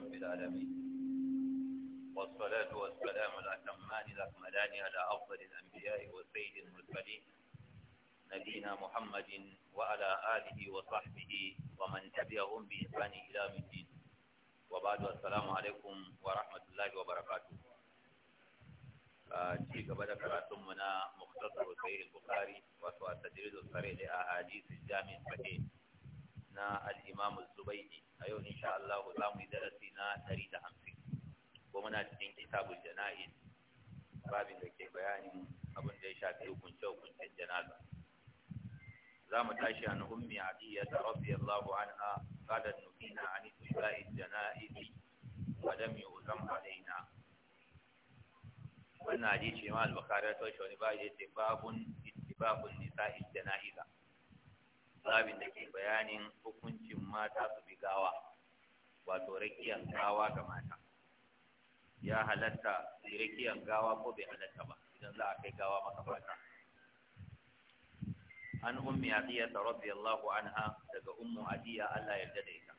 رب العالمين والصلاة والسلام الأتمان الأكملان على أفضل الأنبياء وسيد المرسلين نبينا محمد وعلى آله وصحبه ومن تبعهم بإحسان إلى الدين وبعد السلام عليكم ورحمة الله وبركاته ci gaba da karatunmu na muktasar sahih bukhari wato at-tajrid as-sarih li ahadith al-jami' sahih na al-imam az-zubaydi a yau insha Allah za mu yi darasi na 150 ko muna cikin kitabul jana'iz babin da ke bayanin abin da ya shafi hukunce hukuncen janaza za mu tashi an ummi adiyya ta radiyallahu anha qalat nufina an tushra'i jana'iz wa lam yu'zam alaina wannan hadisi ma al-bukhari ta wani ba yace babun ittibaqun nisa'i janaiza babin da ke bayanin hukuncin mata su bi gawa wato rakiyan gawa ga mata ya halatta su rakiyan gawa ko bai halatta ba idan za a kai gawa maka mata. an ummi adiya ta allahu anha daga ummu adiya Allah ya yarda da ita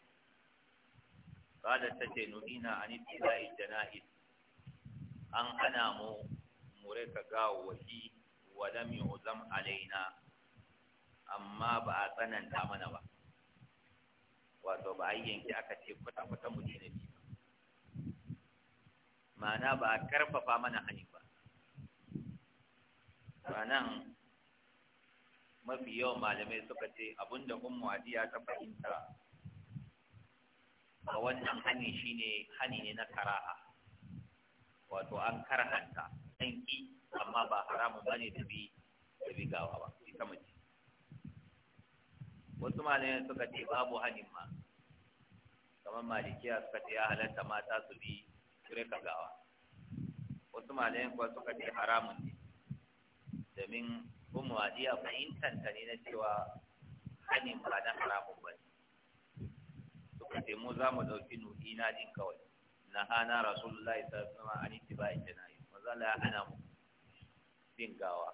ta tace nuhina an ibtida'i janaiz an hana mu mure ka gawo waki wa lam yu'zam alaina amma ba a tsananta mana ba wato ba a yanke aka ce kwata-kwata mu daina ne ba ma'ana ba a karfafa mana hannu ba ranan mafi yawan malamai suka ce abinda ummu adiya ta fahimta a wannan hani shine hani ne na kara'a wato an karhanta an amma ba haramun bane da bi gawa ba ita mace wasu malamai suka ce babu hanin ma kamar malikiya suka ce ya halatta mata su bi rika gawa wasu malamai kuwa suka ce haramun ne domin umu adiya fahimtanta ne na cewa hanin ba na haramun ba ne suka ce mu za mu ɗauki na jin kawai na hana rasulullahi sallallahu an wasallam an ittiba'i janayi maza la hana mu bin gawa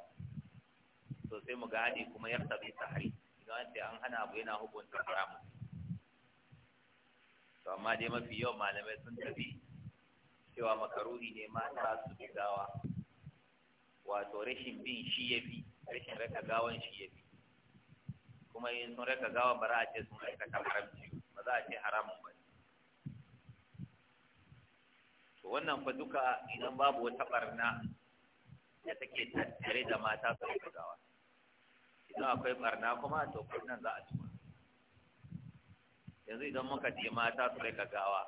to sai mu gane kuma ya tabi tahri ga wanda an hana abu yana hukunta haramu to amma dai mafi yawan malamai sun tafi cewa makaruhi ne mata su bi gawa wato rashin bin shi ya fi rashin raka gawan shi ya fi kuma yin sun raka gawa ba za a ce sun aikata haramci ba za a ce haramun ba to wannan fa duka idan babu wata barna da take tattare da mata su raka gawa idan akwai barna kuma to nan za a ci yanzu idan muka je mata su rika gawa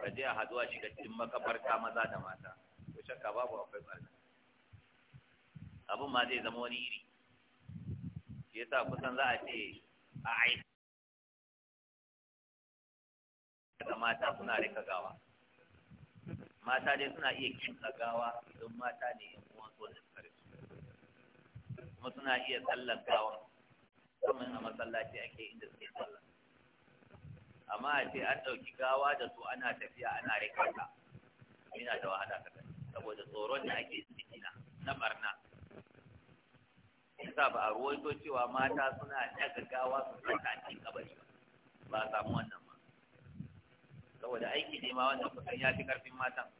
ka je a haduwa shiga cikin makabarta maza da mata to shakka babu akwai barna abin ma zai zama wani iri shi yasa kusan za a ce a ai da mata suna rika gawa mata dai suna iya kinsa gawa don mata ne yan uwan sojoji kuma suna iya sallar gawa kuma na masallaci ake inda suke sallar amma a ce an ɗauki gawa da su ana tafiya ana rika Ina yana da wahala ta gani saboda tsoron da ake ciki na na barna yasa ba a ruwaito cewa mata suna daga gawa su saka a cikin kabari ba ba a samu wannan ba saboda aiki ne ma wannan kusan ya fi ƙarfin matan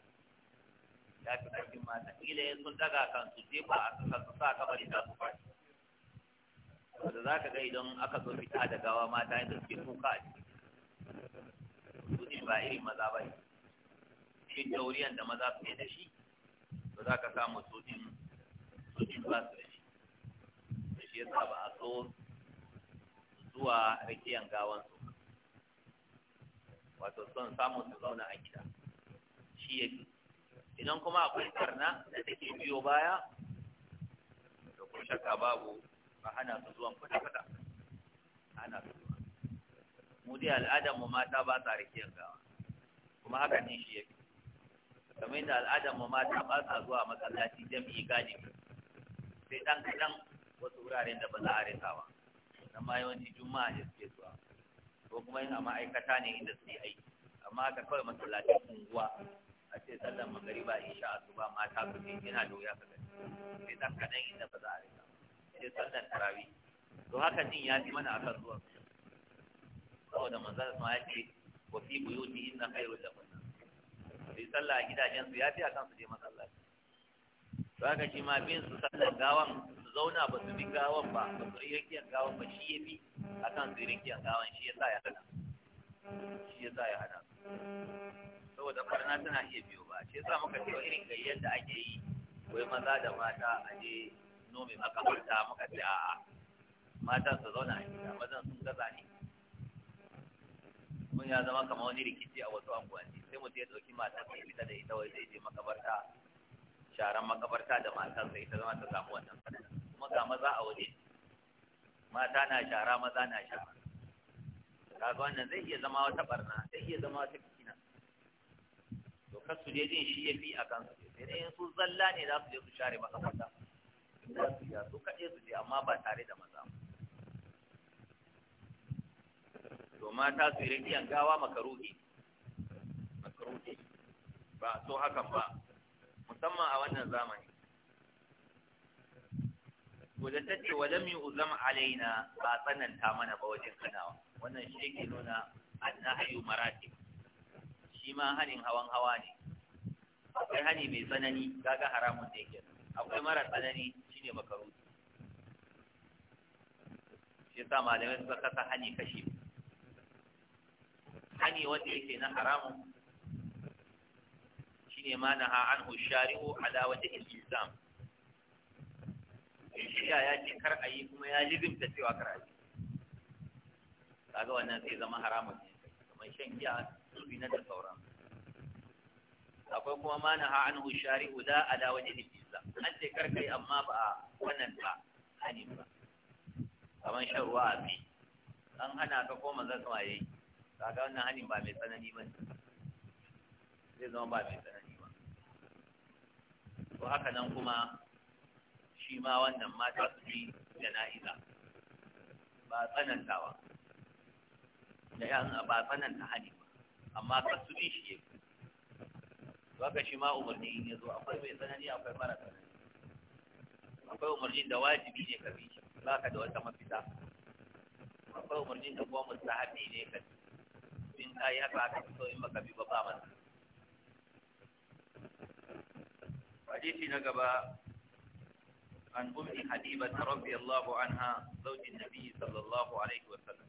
ya fi ƙarfin mata kila yin sun daga kan su jefa a kan su sa kamar da su fashi wanda za ka ga idan aka zo fita da gawa mata yadda suke kuka a ciki su ne ba irin maza ba ne shi tauriyan da maza fiye da shi ba za ka samu su din su din ba su da shi da shi yasa ba a so zuwa rikiyan gawan su wato son samun su zauna a gida shi ya fi idan kuma akwai karna da take biyo baya da kun shakka babu ba hana su zuwan kwata-kwata hana su zuwa mu dai al'adarmu mu mata ba sa rikiyar gawa kuma haka ne shi yake kamar yadda al'adar mu mata ba sa zuwa masallaci jami'i gadi sai dan kadan wasu wuraren da ba za a rika ba dan ma yawanci juma'a ne suke zuwa ko kuma yin a ma'aikata ne inda suke aiki amma haka kawai masallacin unguwa a ce sallar magariba sha asuba mata su ce yana da wuya ka gani sai dan kaɗan inda ba za a rika sai sallar tarawi to haka din ya fi mana a kan zuwa saboda manzon sun ya ce wa fi buyuti inna khairul lakum sai sallah a gidajen su ya fi a kan su je masallaci to haka shi ma bin su sallar gawan su zauna ba su bi gawan ba ba su rikiyan gawan ba shi ya fi a kan su rikiyan gawan shi ya sa ya hana shi ya sa ya hana saboda barna tana iya biyo ba shi yasa muka cewa irin gayyar da ake yi wai maza da mata a je nome makamarta muka ce a'a matan su zauna a gida mazan sun gaza ne mun ya zama kamar wani rikici a wasu anguwanni sai mu ya ɗauki matan sai fita da ita wai sai je makabarta sharan makabarta da matar sai ita zama ta samu wannan fadada kuma ga maza a waje mata na shara maza na shara kaga wannan zai iya zama wata barna zai iya zama wata ka su je din shi ya fi a kan su sai in su zalla ne za su je su share maka kwata za su ya su kaɗai su je amma ba tare da maza to mata su yi rakiyan gawa makaruhi makaruhi ba so hakan ba musamman a wannan zamani wadda ta ce wa lam yu'zam alaina ba tsananta mana ba wajen kanawa wannan shi yake nuna annahyu maratib shi ma hanin hawan hawa ne akwai hani mai tsanani kaga haramun da ke akwai mara tsanani shine makaruhi shi sa malamai suka kasa hani kashi hani wanda yake na haramun shine ma na anhu shari'u ala wajhi al-ilzam shiya ya ce kar a yi kuma ya lizimta cewa kar a yi kaga wannan sai zama haramun ne kamar shan giya na da sauran akwai kuma ma na ha'an hushari a da wajen ibisa an ce karkai amma ba a wannan ba hani ba kamar shan ruwa a fi an hana ka ko manzan sama yayi ga wannan hannun ba mai tsanani ba zai zama ba mai tsanani ba to haka nan kuma shi ma wannan mata su yi jana'iza ba tsanantawa da yan ba tsananta hani amma ka su bi shi yake baka shi ma umarni in zo akwai mai tsanani akwai mara tsanani akwai umarnin da wajibi ne ka bi shi ka da wata mafita akwai umarnin da kuma mustahabi ne ka bi in yi haka aka so in baka bi ba ba masa hadisi na gaba عن أم حبيبة رضي الله عنها زوج النبي صلى الله عليه وسلم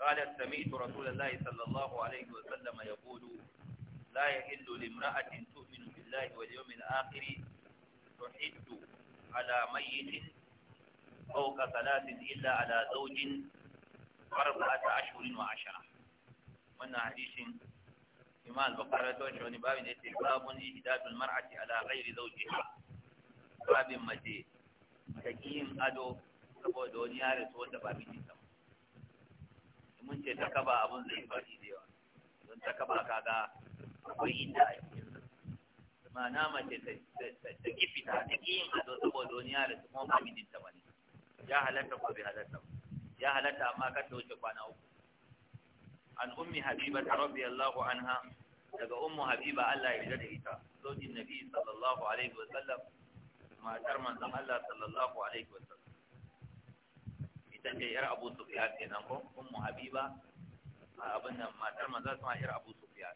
قالت سمعت رسول الله صلى الله عليه وسلم يقول لا يحل لامرأة تؤمن بالله واليوم الآخر تحد على ميت فوق ثلاث إلا على زوج أربعة أشهر وعشرة من حديث إمام البقرة توجه باب استحباب إهداد المرأة على غير زوجها باب مجيء تكيم أدو أبو دونيار سوى rasu wanda mun ce ta kaba abin zai faɗi da yawa don ta kaba kaga akwai inda a cikin ma'ana mace ta ki fita ta ki yin ado saboda wani yara su kuma maminin ta bane ya halatta ko bai halatta ya halatta amma ka ta wuce kwana uku an ummi habiba ta rabbi allahu anha daga ummu habiba allah ya da ita zojin nabi sallallahu alaihi wa sallam matar manzon allah sallallahu alaihi wa sallam ita ce yar abu sufiyan kenan ko ummu habiba a abin nan matar manzo sama yar abu sufiyan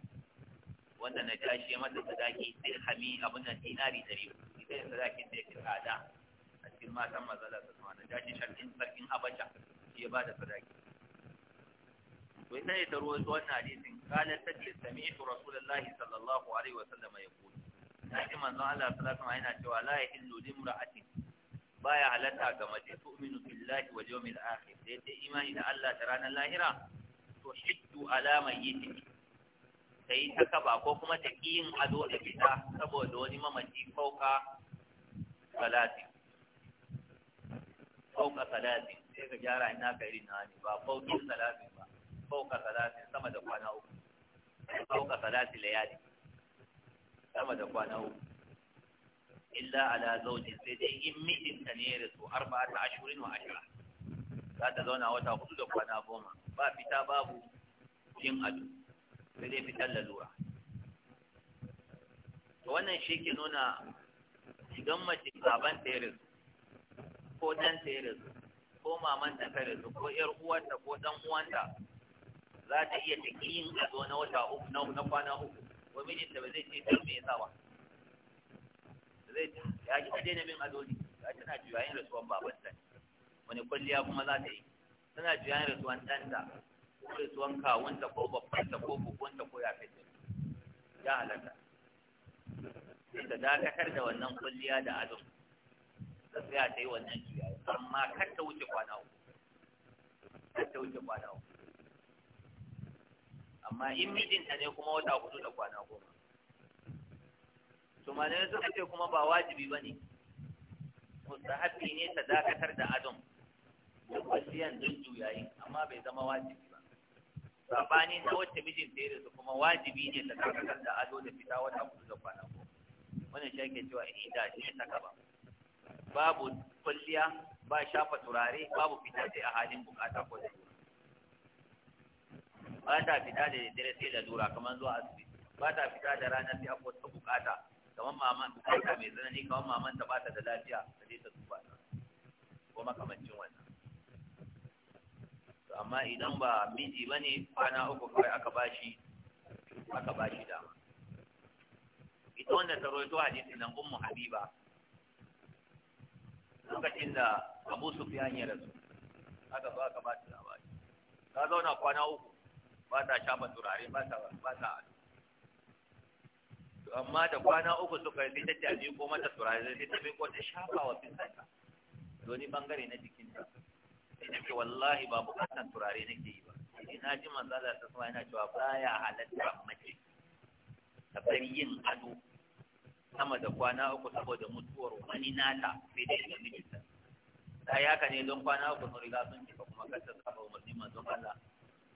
wanda na tashi mata sadaki sai hami abin nan dinari dari ita ce sadakin da yake tsada a cikin matan manzo sama na tashi sharkin sarkin habasha shi ya bada sadaki to ita ne ta ruwaito wannan hadisin kalar ta ce sami'tu rasulullahi sallallahu alaihi wa sallam yaqul ta ji manzo Allah sallallahu alaihi wa sallam yana cewa la yahillu limra'atin baya halatta ga mace tu'minu billahi wal yawmil akhir sai dai imani da Allah da ranar lahira to shiddu ala mayyiti sai ta kaba ko kuma ta yin ado da fita saboda wani mamaci fauka salati fauka salati sai ka gyara ina ka irin na ne ba faukin salati ba fauka salati sama da kwana uku fauka salati layali sama da kwana uku illa ala zaujin sai dai in mijin ta ne da su arba ta ashirin wa ashira za ta zauna wata hudu da kwana goma ba fita babu jin ado sai dai fitar lalura wannan shi ke nuna idan mace baban ta ya rasu ko dan ta ya rasu ko maman ta rasu ko yar uwarta ko dan uwanta za ta iya ta yin ado na wata uku na kwana uku wa mijinta ba zai ce ta me yasa ba zai ta ya ji ka daina bin adoli ya tana yin rasuwan babanta wani kwalliya kuma za ta yi tana juya yin rasuwan ɗanta ko rasuwan kawunta ko babbanta ko bukunta ko ya kai ya halatta sai ta dakatar da wannan kwalliya da ado ta tsaya ta yi wannan juyayin amma kar ta wuce kwana uku kar ta wuce kwana uku amma in mijinta ne kuma wata hudu da kwana goma to yanzu suka ce kuma ba wajibi ba ne mustahabi ne ta dakatar da adon da wasiyan don juyayi amma bai zama wajibi ba sabani na wacce mijin ta yi kuma wajibi ne ta dakatar da ado da fita wata kudu da kwana ko wani shi ake cewa da shi ta kaba babu kwalliya, ba shafa turare babu fita sai a halin bukata ko da ba ta fita da dare sai da lura kamar zuwa asibiti ba ta fita da ranar sai akwai ta bukata kamar maman ta mai tsanani kamar maman ta bata da lafiya ta je ta duba ta ko makamancin wannan to amma idan ba miji bane kwana uku kawai aka bashi aka bashi dama ita wanda ta roito hadisi nan ummu habiba lokacin da abu sufyan ya su aka zo aka ba ta labari ta zauna kwana uku ba ta shafa turare ba ta ba ta amma da kwana uku suka sai ta tafi ko mata turare sai ta ko ta shafa wa fitsarta wani bangare na jikinta sai ta ce wallahi ba bukatan turare nake yi ba sai na ji manzala ta sama yana cewa baya halatta mace ta bari yin ado sama da kwana uku saboda mutuwar wani nata sai dai da mijinta da ya ka ne don kwana uku sun riga sun cika kuma kar ta saba umarnin manzon Allah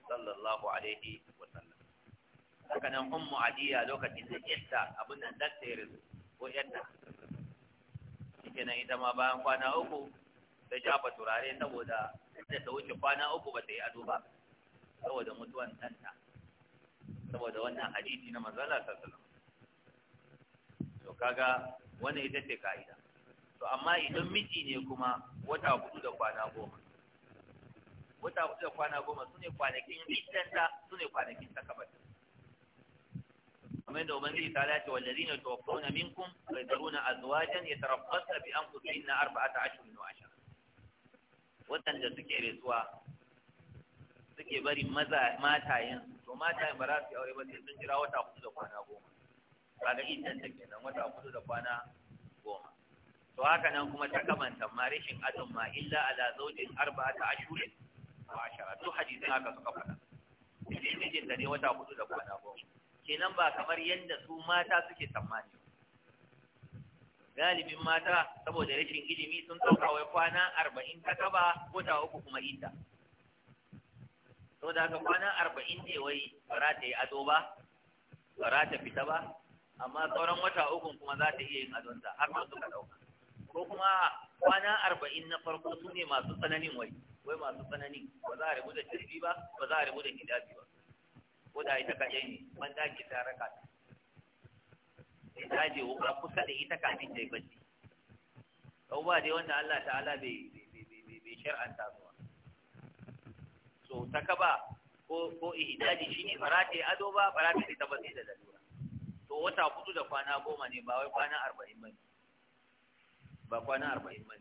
sallallahu alaihi wa sallam haka nan ummu adiya lokacin da yarta abin da dan ta yarda ko yarta kenan ita ma bayan kwana uku ta shafa turare saboda da ta wuce kwana uku ba ta yi ado ba saboda mutuwan ta saboda wannan hadisi na manzala sallallahu to kaga wannan ita ce ka'ida to amma idan miji ne kuma wata hudu da kwana goma wata hudu da kwana goma su ne kwanakin riddanta su ne kwanakin takabarta kamar yadda ubangiji ta dace wallazina tawaffawna minkum wa yadruna azwajan yatarabbasna bi arba'a ta ashirin wa ashara wadanda suke resuwa suke bari maza matayen to matayen ba za su yi aure ba sai sun jira wata hudu da kwana goma kaga idan take nan wata hudu da kwana goma to haka nan kuma ta kamanta ma rashin adon ma illa ala zaujin ta ashirin wa ashara to hadisin haka suka faɗa mijin mijinta ne wata hudu da kwana goma kenan ba kamar yadda su mata suke tsammani galibin mata saboda rashin ilimi sun ɗauka wai kwana arba'in ta kaba ta uku kuma inda saboda haka kwana arba'in ne wai ba ta yi ado ba ba ta fita ba amma sauran wata ukun kuma za ta iya yin adonta har ma suka ɗauka ko kuma kwana arba'in na farko su ne masu tsananin wai wai masu tsananin ba za a rubuta shirbi ba ba za a rubuta hijabi ba ko da ita kaɗai ne ban daki ta raka ta sai ta je ba kusa da ita kafin ta yi bacci ba dai wanda Allah ta'ala bai shar'anta zuwa so ta kaba ko ko shi ne bara ta ado ba bara ta ta ba da lalura to wata kudu da kwana goma ne ba wai kwana arba'in ba ba kwana arba'in ba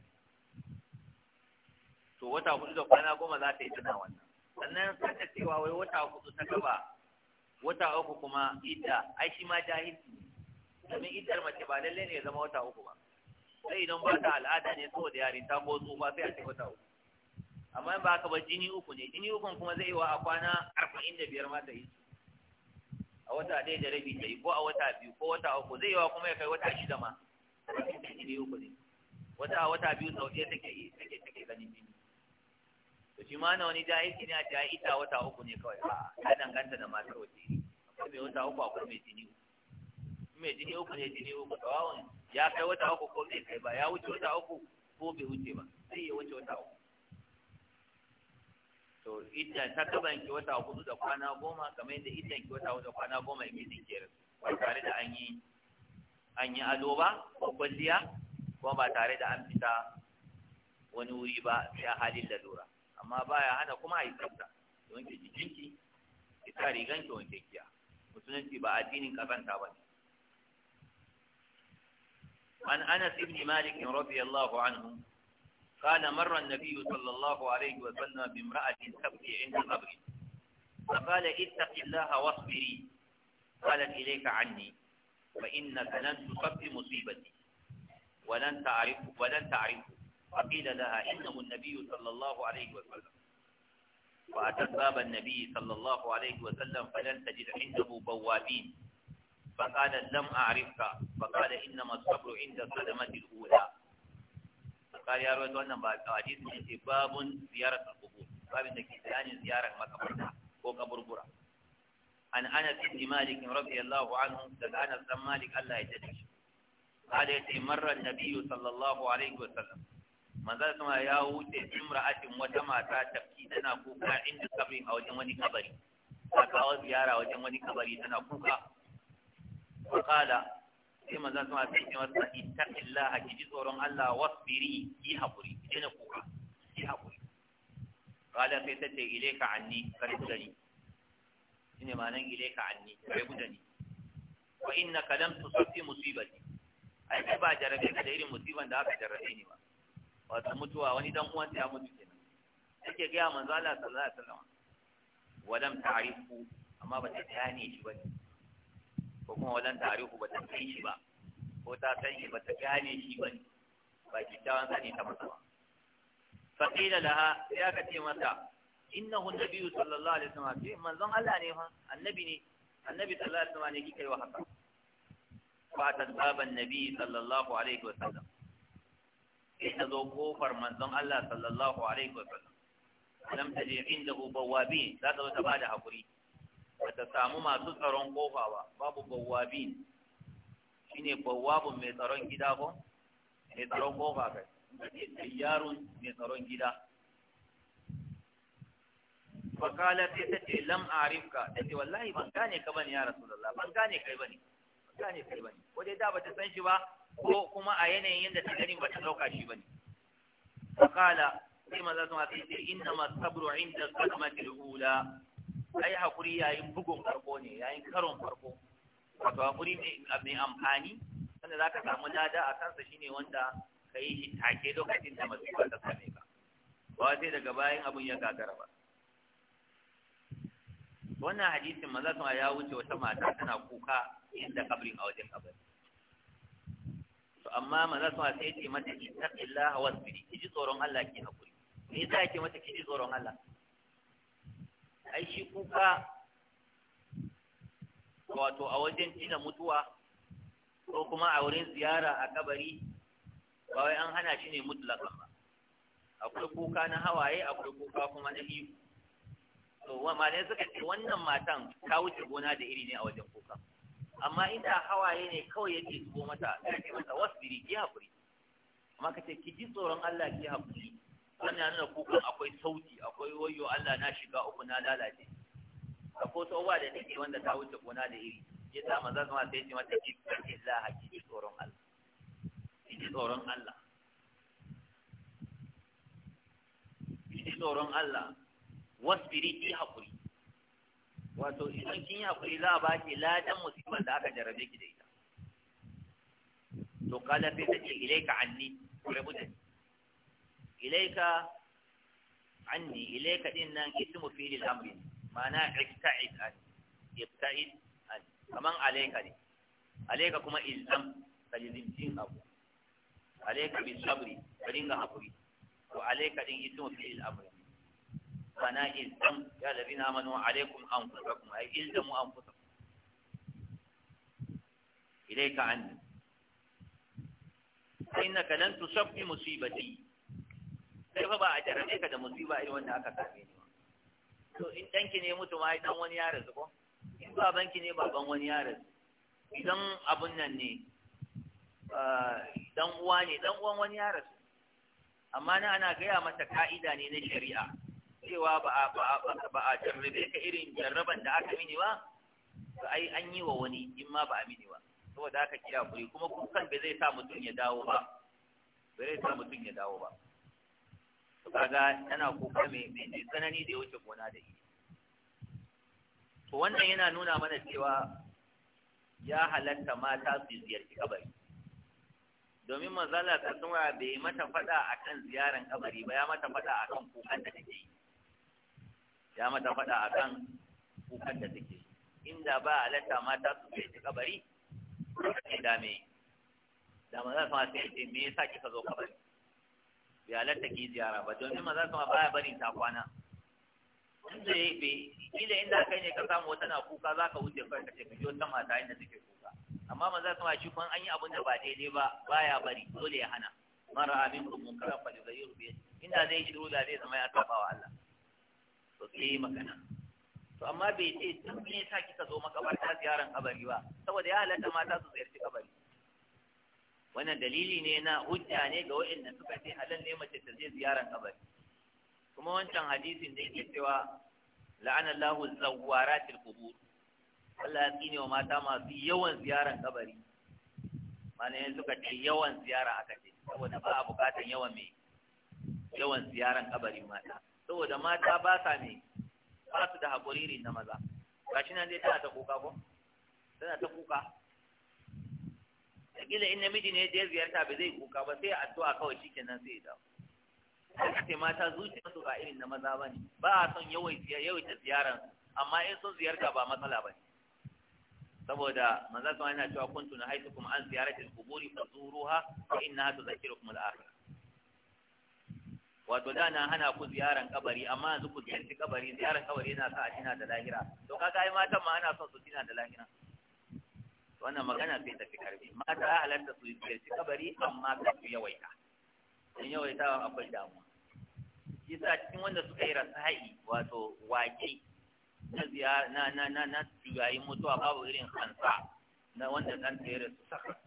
to wata kudu da kwana goma za ta yi tana wannan sannan sanda cewa wai wata hudu ta gaba wata uku kuma idda ai shi ma jahilci domin iddar mace ba lalle ne ya zama wata uku ba sai idan ba ta al'ada ne saboda yarinta ko tsufa sai a ce wata uku amma ba haka ba jini uku ne jini ukun kuma zai wa a kwana arba'in da biyar ma ta yi a wata ɗaya da rabi ta yi ko a wata biyu ko wata uku zai wa kuma ya kai wata shida ma jini uku ne wata wata biyu sau ɗaya take take take ganin jini to shi ma na wani jahilci ne a ce ai ita wata uku ne kawai a ta danganta da masu waje akwai mai wata uku akwai mai jini uku mai jini uku ne jini uku tsawon ya kai wata uku ko bai kai ba ya wuce wata uku ko bai wuce ba sai ya wuce wata uku to ita ta taba ki wata hudu da kwana goma kamar yadda ita ki wata hudu da kwana goma in jin ke ba tare da an yi an yi ado ba ko kwalliya ko ba tare da an fita wani wuri ba sai a halin lalura amma baya hana kuma a yi tsafta don ke jikinki ki sa riganki wanke kiya musulunci ba addinin kasanta ba ne an anas ibn malik radiyallahu anhu قال مر النبي صلى الله عليه وسلم بامرأة تبكي عند القبر فقال اتق الله واصبري قالت إليك عني فإنك لن تصب مصيبتي ولن تعرف ولن تعرفه فقيل لها إنه النبي صلى الله عليه وسلم فأتت باب النبي صلى الله عليه وسلم فلن تجد عنده بوابين فقالت لم أعرفك فقال إنما الصبر عند الصدمة الأولى قال يا رواد وانا حديث من باب زيارة القبور باب انك تلاني زيارة مقبرنا هو قبر برا عن أنس بن مالك رضي الله عنه قال أنس بن مالك الله يجدش قال يتمر النبي صلى الله عليه وسلم manzal sama ya wuce imra'atin wata mata tafki tana kuka inda kabrin a wajen wani kabari ta kawo ziyara wajen wani kabari tana kuka wa qala sai manzal sama sai ta masa ittaqillaha ki ji tsoron Allah wasbiri ki hakuri ki na kuka ki hakuri qala sai ta ce ilaika anni karibani shine ma'anan ilaika anni gudani wa innaka lam tusabbi musibati ai ba jarabe ka da irin musiban da aka jarabe ni ba wato mutuwa wani dan uwansa ya mutu kenan take ga manzo Allah sallallahu alaihi wasallam walam ta'rifu amma ba ta gane shi ba ko kuma walam ta'rifu ba ta san shi ba ko ta san shi ba ta gane shi ba ba kitawan ne ta masa ba fa qila laha ya ka ce mata innahu nabiyyu sallallahu alaihi wasallam ce manzon Allah ne fa annabi ne annabi sallallahu alaihi wasallam ne kike wa haka fa ta baban nabi sallallahu alaihi wasallam sai ta zo kofar manzon Allah sallallahu alaihi wa wasallam lam taji indahu bawabi za ta zo ta bada hakuri bata samu masu tsaron kofa ba babu bawabin shine bawabu mai tsaron gida ko mai tsaron kofa kai tayyarun mai tsaron gida fakala sai ta ce lam arifka ta ce wallahi ban gane ka bane ya rasulullah ban gane kai bane ban gane kai bane waje da bata san shi ba ko kuma a yanayin yadda ta gani ba ta ɗauka shi ba ne fakala sai maza sun haka sai inna masu sabro inda kalma tilhula ai hakuri yayin bugun farko ne yayin karon farko wato hakuri mai amfani wanda za ka samu lada a kansa shine wanda ka yi shi take lokacin da masifa ta same ka ba sai daga bayan abin ya gagara ba wannan hadisin maza sun ya wuce wata mata tana kuka inda kabrin a wajen kabari amma manzon sa sai ce mata ittaqillaha wasbiri kiji tsoron Allah ki hakuri me yasa yake mata kiji tsoron Allah ai shi kuka wato a wajen tina mutuwa ko kuma a wurin ziyara a kabari ba wai an hana shi ne mutlaka ba akwai kuka na hawaye akwai kuka kuma na iko to wa ne suka ce wannan matan ta wuce gona da iri ne a wajen kuka amma inda hawaye ne kawai yake zubo mata ya ce mata wasbiri ki haƙuri amma ka ce ki ji tsoron Allah ki haƙuri wannan ya nuna kukan akwai sauti akwai wayo Allah na shiga uku na lalace Ka akwai tsohuwa da nake wanda ta wuce gona da iri ya sa maza zama sai ce mata ki ji Allah ki ji tsoron Allah ki ji tsoron Allah ki ji tsoron Allah wasbiri ki haƙuri wato idan kin yi hakuri za a ba ki ladan musibar da aka jarabe ki da ita to kala sai ta ce ilaika anni rabu da ni ilaika anni ilaika din nan ismu fi'il amri ma'ana ibta'id an ibta'id an kaman alaika ne alaika kuma ilzam ji jin abu alaika bi sabri ka dinga hakuri to alaika din ismu fi'il amri fana ilzam ya ladina amanu alaikum anfusakum ay ilzamu anfusakum ilayka anni innaka tu tusabbi musibati sai fa ba a jarabe ka da musiba irin wanda aka same ni to in danki ne mutu ma dan wani ya rasu ko in babanki ne baban wani ya rasu idan abun nan ne dan uwa ne dan uwan wani ya rasu amma na ana gaya mata ka'ida ne na shari'a cewa ba a ba a jarrabe ka irin jarraban da aka mini ba to ai an yi wa wani in ma ba a mini ba saboda aka kira kuri kuma kukan bai zai sa mutum ya dawo ba bai zai sa mutum ya dawo ba to kaga tana kuka mai mai tsanani da ya wuce gona da shi to wannan yana nuna mana cewa ya halatta mata su ziyarci kabari domin manzala ta tsuma bai mata fada akan ziyaran kabari ba ya mata fada akan kukan da take yi ya mata faɗa a kan kukan da suke. inda ba halatta mata su ke ta kabari ne da me da maza su masu yace me yasa kika zo kabari bai halatta ki ziyara ba domin maza su ma baya bari ta kwana inda ya bai kila inda kai ne ka samu wata na kuka za ka wuce kai ka ce ka ji wata mata inda suke kuka amma maza su ma shi kuma an yi abin da ba daidai ba ba ya bari dole ya hana mara amin kun mun kara fa da yurbi inda zai shiru da zai zama ya saba Allah to sai yi magana to amma bai ce tun ne sa kika zo makabarta ziyaran kabari ba saboda ya halatta mata su ziyarci kabari wannan dalili ne na hujja ne ga waɗanda suka ce halal ne mace ta je ziyaran kabari kuma wancan hadisin da yake cewa la'ana Allahu zawwaratil qubur Allah ya tsine wa mata masu yawan ziyaran kabari yanzu suka ce yawan ziyara aka ce saboda ba a bukatan yawan mai yawan ziyaran kabarin mata saboda mata ba sa ne ba su da haƙuri na maza shi nan dai tana ta kuka ko tana ta kuka kila in namiji ne da ya ziyarta ba zai kuka ba sai addu'a kawai kenan sai ya dawo sai mata zuciya su ba irin na maza bane ba a son yawaita yawaita ziyaran amma in sun ziyarta ba matsala bane saboda manzo sallallahu yana cewa kuntu na haitukum an ziyaratil quburi fazuruha fa innaha tudhakkirukum al-akhirah wato da na hana ku ziyaran kabari amma yanzu ku ziyarci kabari ziyaran kabari yana sa a tina da lahira to kaga ai matan ma ana son su tina da lahira wannan magana sai tafi karfi mata ya halatta su ziyarci kabari amma ka su yawaita in yawaita wa akwai damuwa shi sa cikin wanda suka yi rasahi wato Wake, na ziyara na na na na juyayin mutuwa babu irin hansa na wanda dan tsere su sakar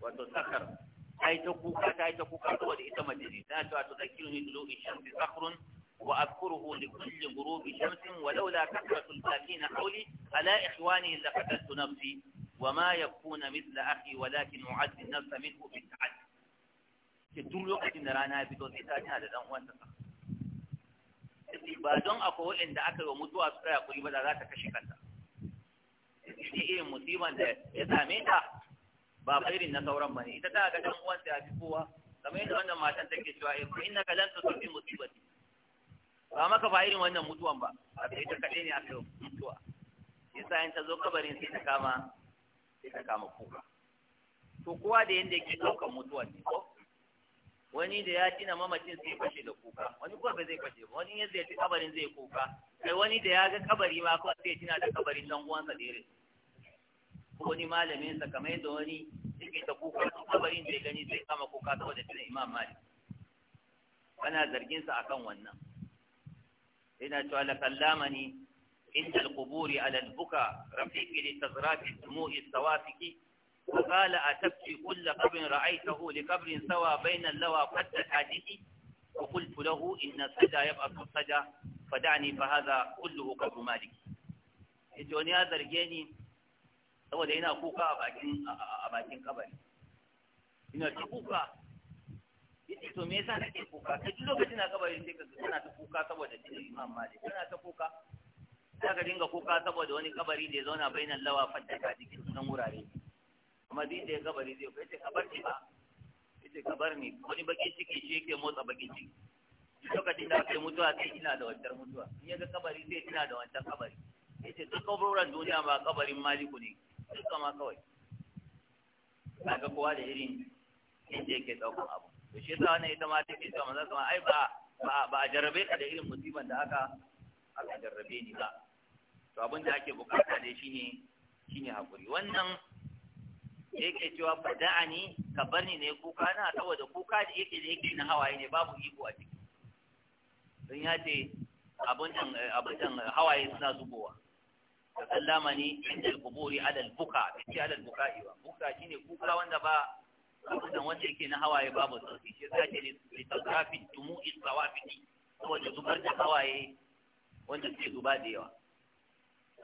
wato sakar ai ta kuka ta ta kuka wani ita mace ne tana cewa to zakiru ni dulu in shamsi sakhrun wa azkuruhu li kulle ghurubi shamsin wa laula kasratul na qawli ala ikhwani la qataltu nafsi wa ma ya yakuna mithla akhi walakin u'addi nafsa minhu bi ta'ad ke duk lokacin da rana ya fito sai ta tana da dan uwan ta ba don akwai waɗanda aka yi wa mutuwa su tsaya kuri ba da za ta kashe kanta irin musiban da ya same ta ba irin na sauran bane ita ta ga dan uwan ya fi kowa kamar yadda wannan matan take cewa eh inna ka lan tusulfi musibati ba maka ba irin wannan mutuwan ba a bai ta kaɗai ne a kai mutuwa yasa in ta zo kabarin sai ta kama sai ta kama kuka to kowa da yanda yake ɗaukan mutuwa ne ko wani da ya tina mamacin sai fashe da kuka wani kuma ba zai fashe ba wani ya ci kabarin zai kuka kai wani da ya ga kabari ma kawai sai tina da kabarin dan uwansa da ya rasu wani malamin sa kamar yadda wani suke ta kuka wani da ya gani zai kama kuka ta wajen tunan imam malik kana zargin sa akan wannan yana cewa la kallamani inda alquburi ala albuka rafiqi li tazrafi dumu'i sawafiki wa qala atabki kull qabrin ra'aytahu li qabrin sawa bayna allawa qadda hadihi wa qultu lahu inna sada yab'a sada fadani fa hadha kulluhu qabru malik yace wani ya zarge ni saboda yana kuka a bakin a bakin kabari ina ta kuka yace to me yasa nake kuka ka ji lokacin na kabari sai ka kana ta kuka saboda jinin Imam mali kana ta kuka sai ka dinga kuka saboda wani kabari da ya zauna bainan lawa fadda ka cikin sunan wurare amma din da ya kabari zai kai ce kabar ne ba yace kabar ne wani baki ciki shi yake motsa bakin ciki lokacin da aka mutuwa sai ina da wancan mutuwa in yaga kabari sai ina da wancan kabari yace duk kabururan duniya ba kabarin Maliku ne duka ma kawai ga kowa da irin inda yake daukan abu to shi yasa wannan ita ma take cewa maza sama ai ba ba a jarrabe ka da irin musiban da aka aka jarrabe ni ba to abin da ake bukata ne shine shine hakuri wannan yake cewa ba da'ani ka bar ni ne kuka na saboda kuka da yake da yake na hawaye ne babu iko a ciki don ya ce abin eh, hawaye suna zubowa sallama ne inda al-quburi ala al-buka bi ala al-buka'i wa buka shine kuka wanda ba wannan wanda yake na hawaye babu sauki shi yasa ce tumu tasafi tumu'i sawafiti saboda zubar da hawaye wanda suke zuba da yawa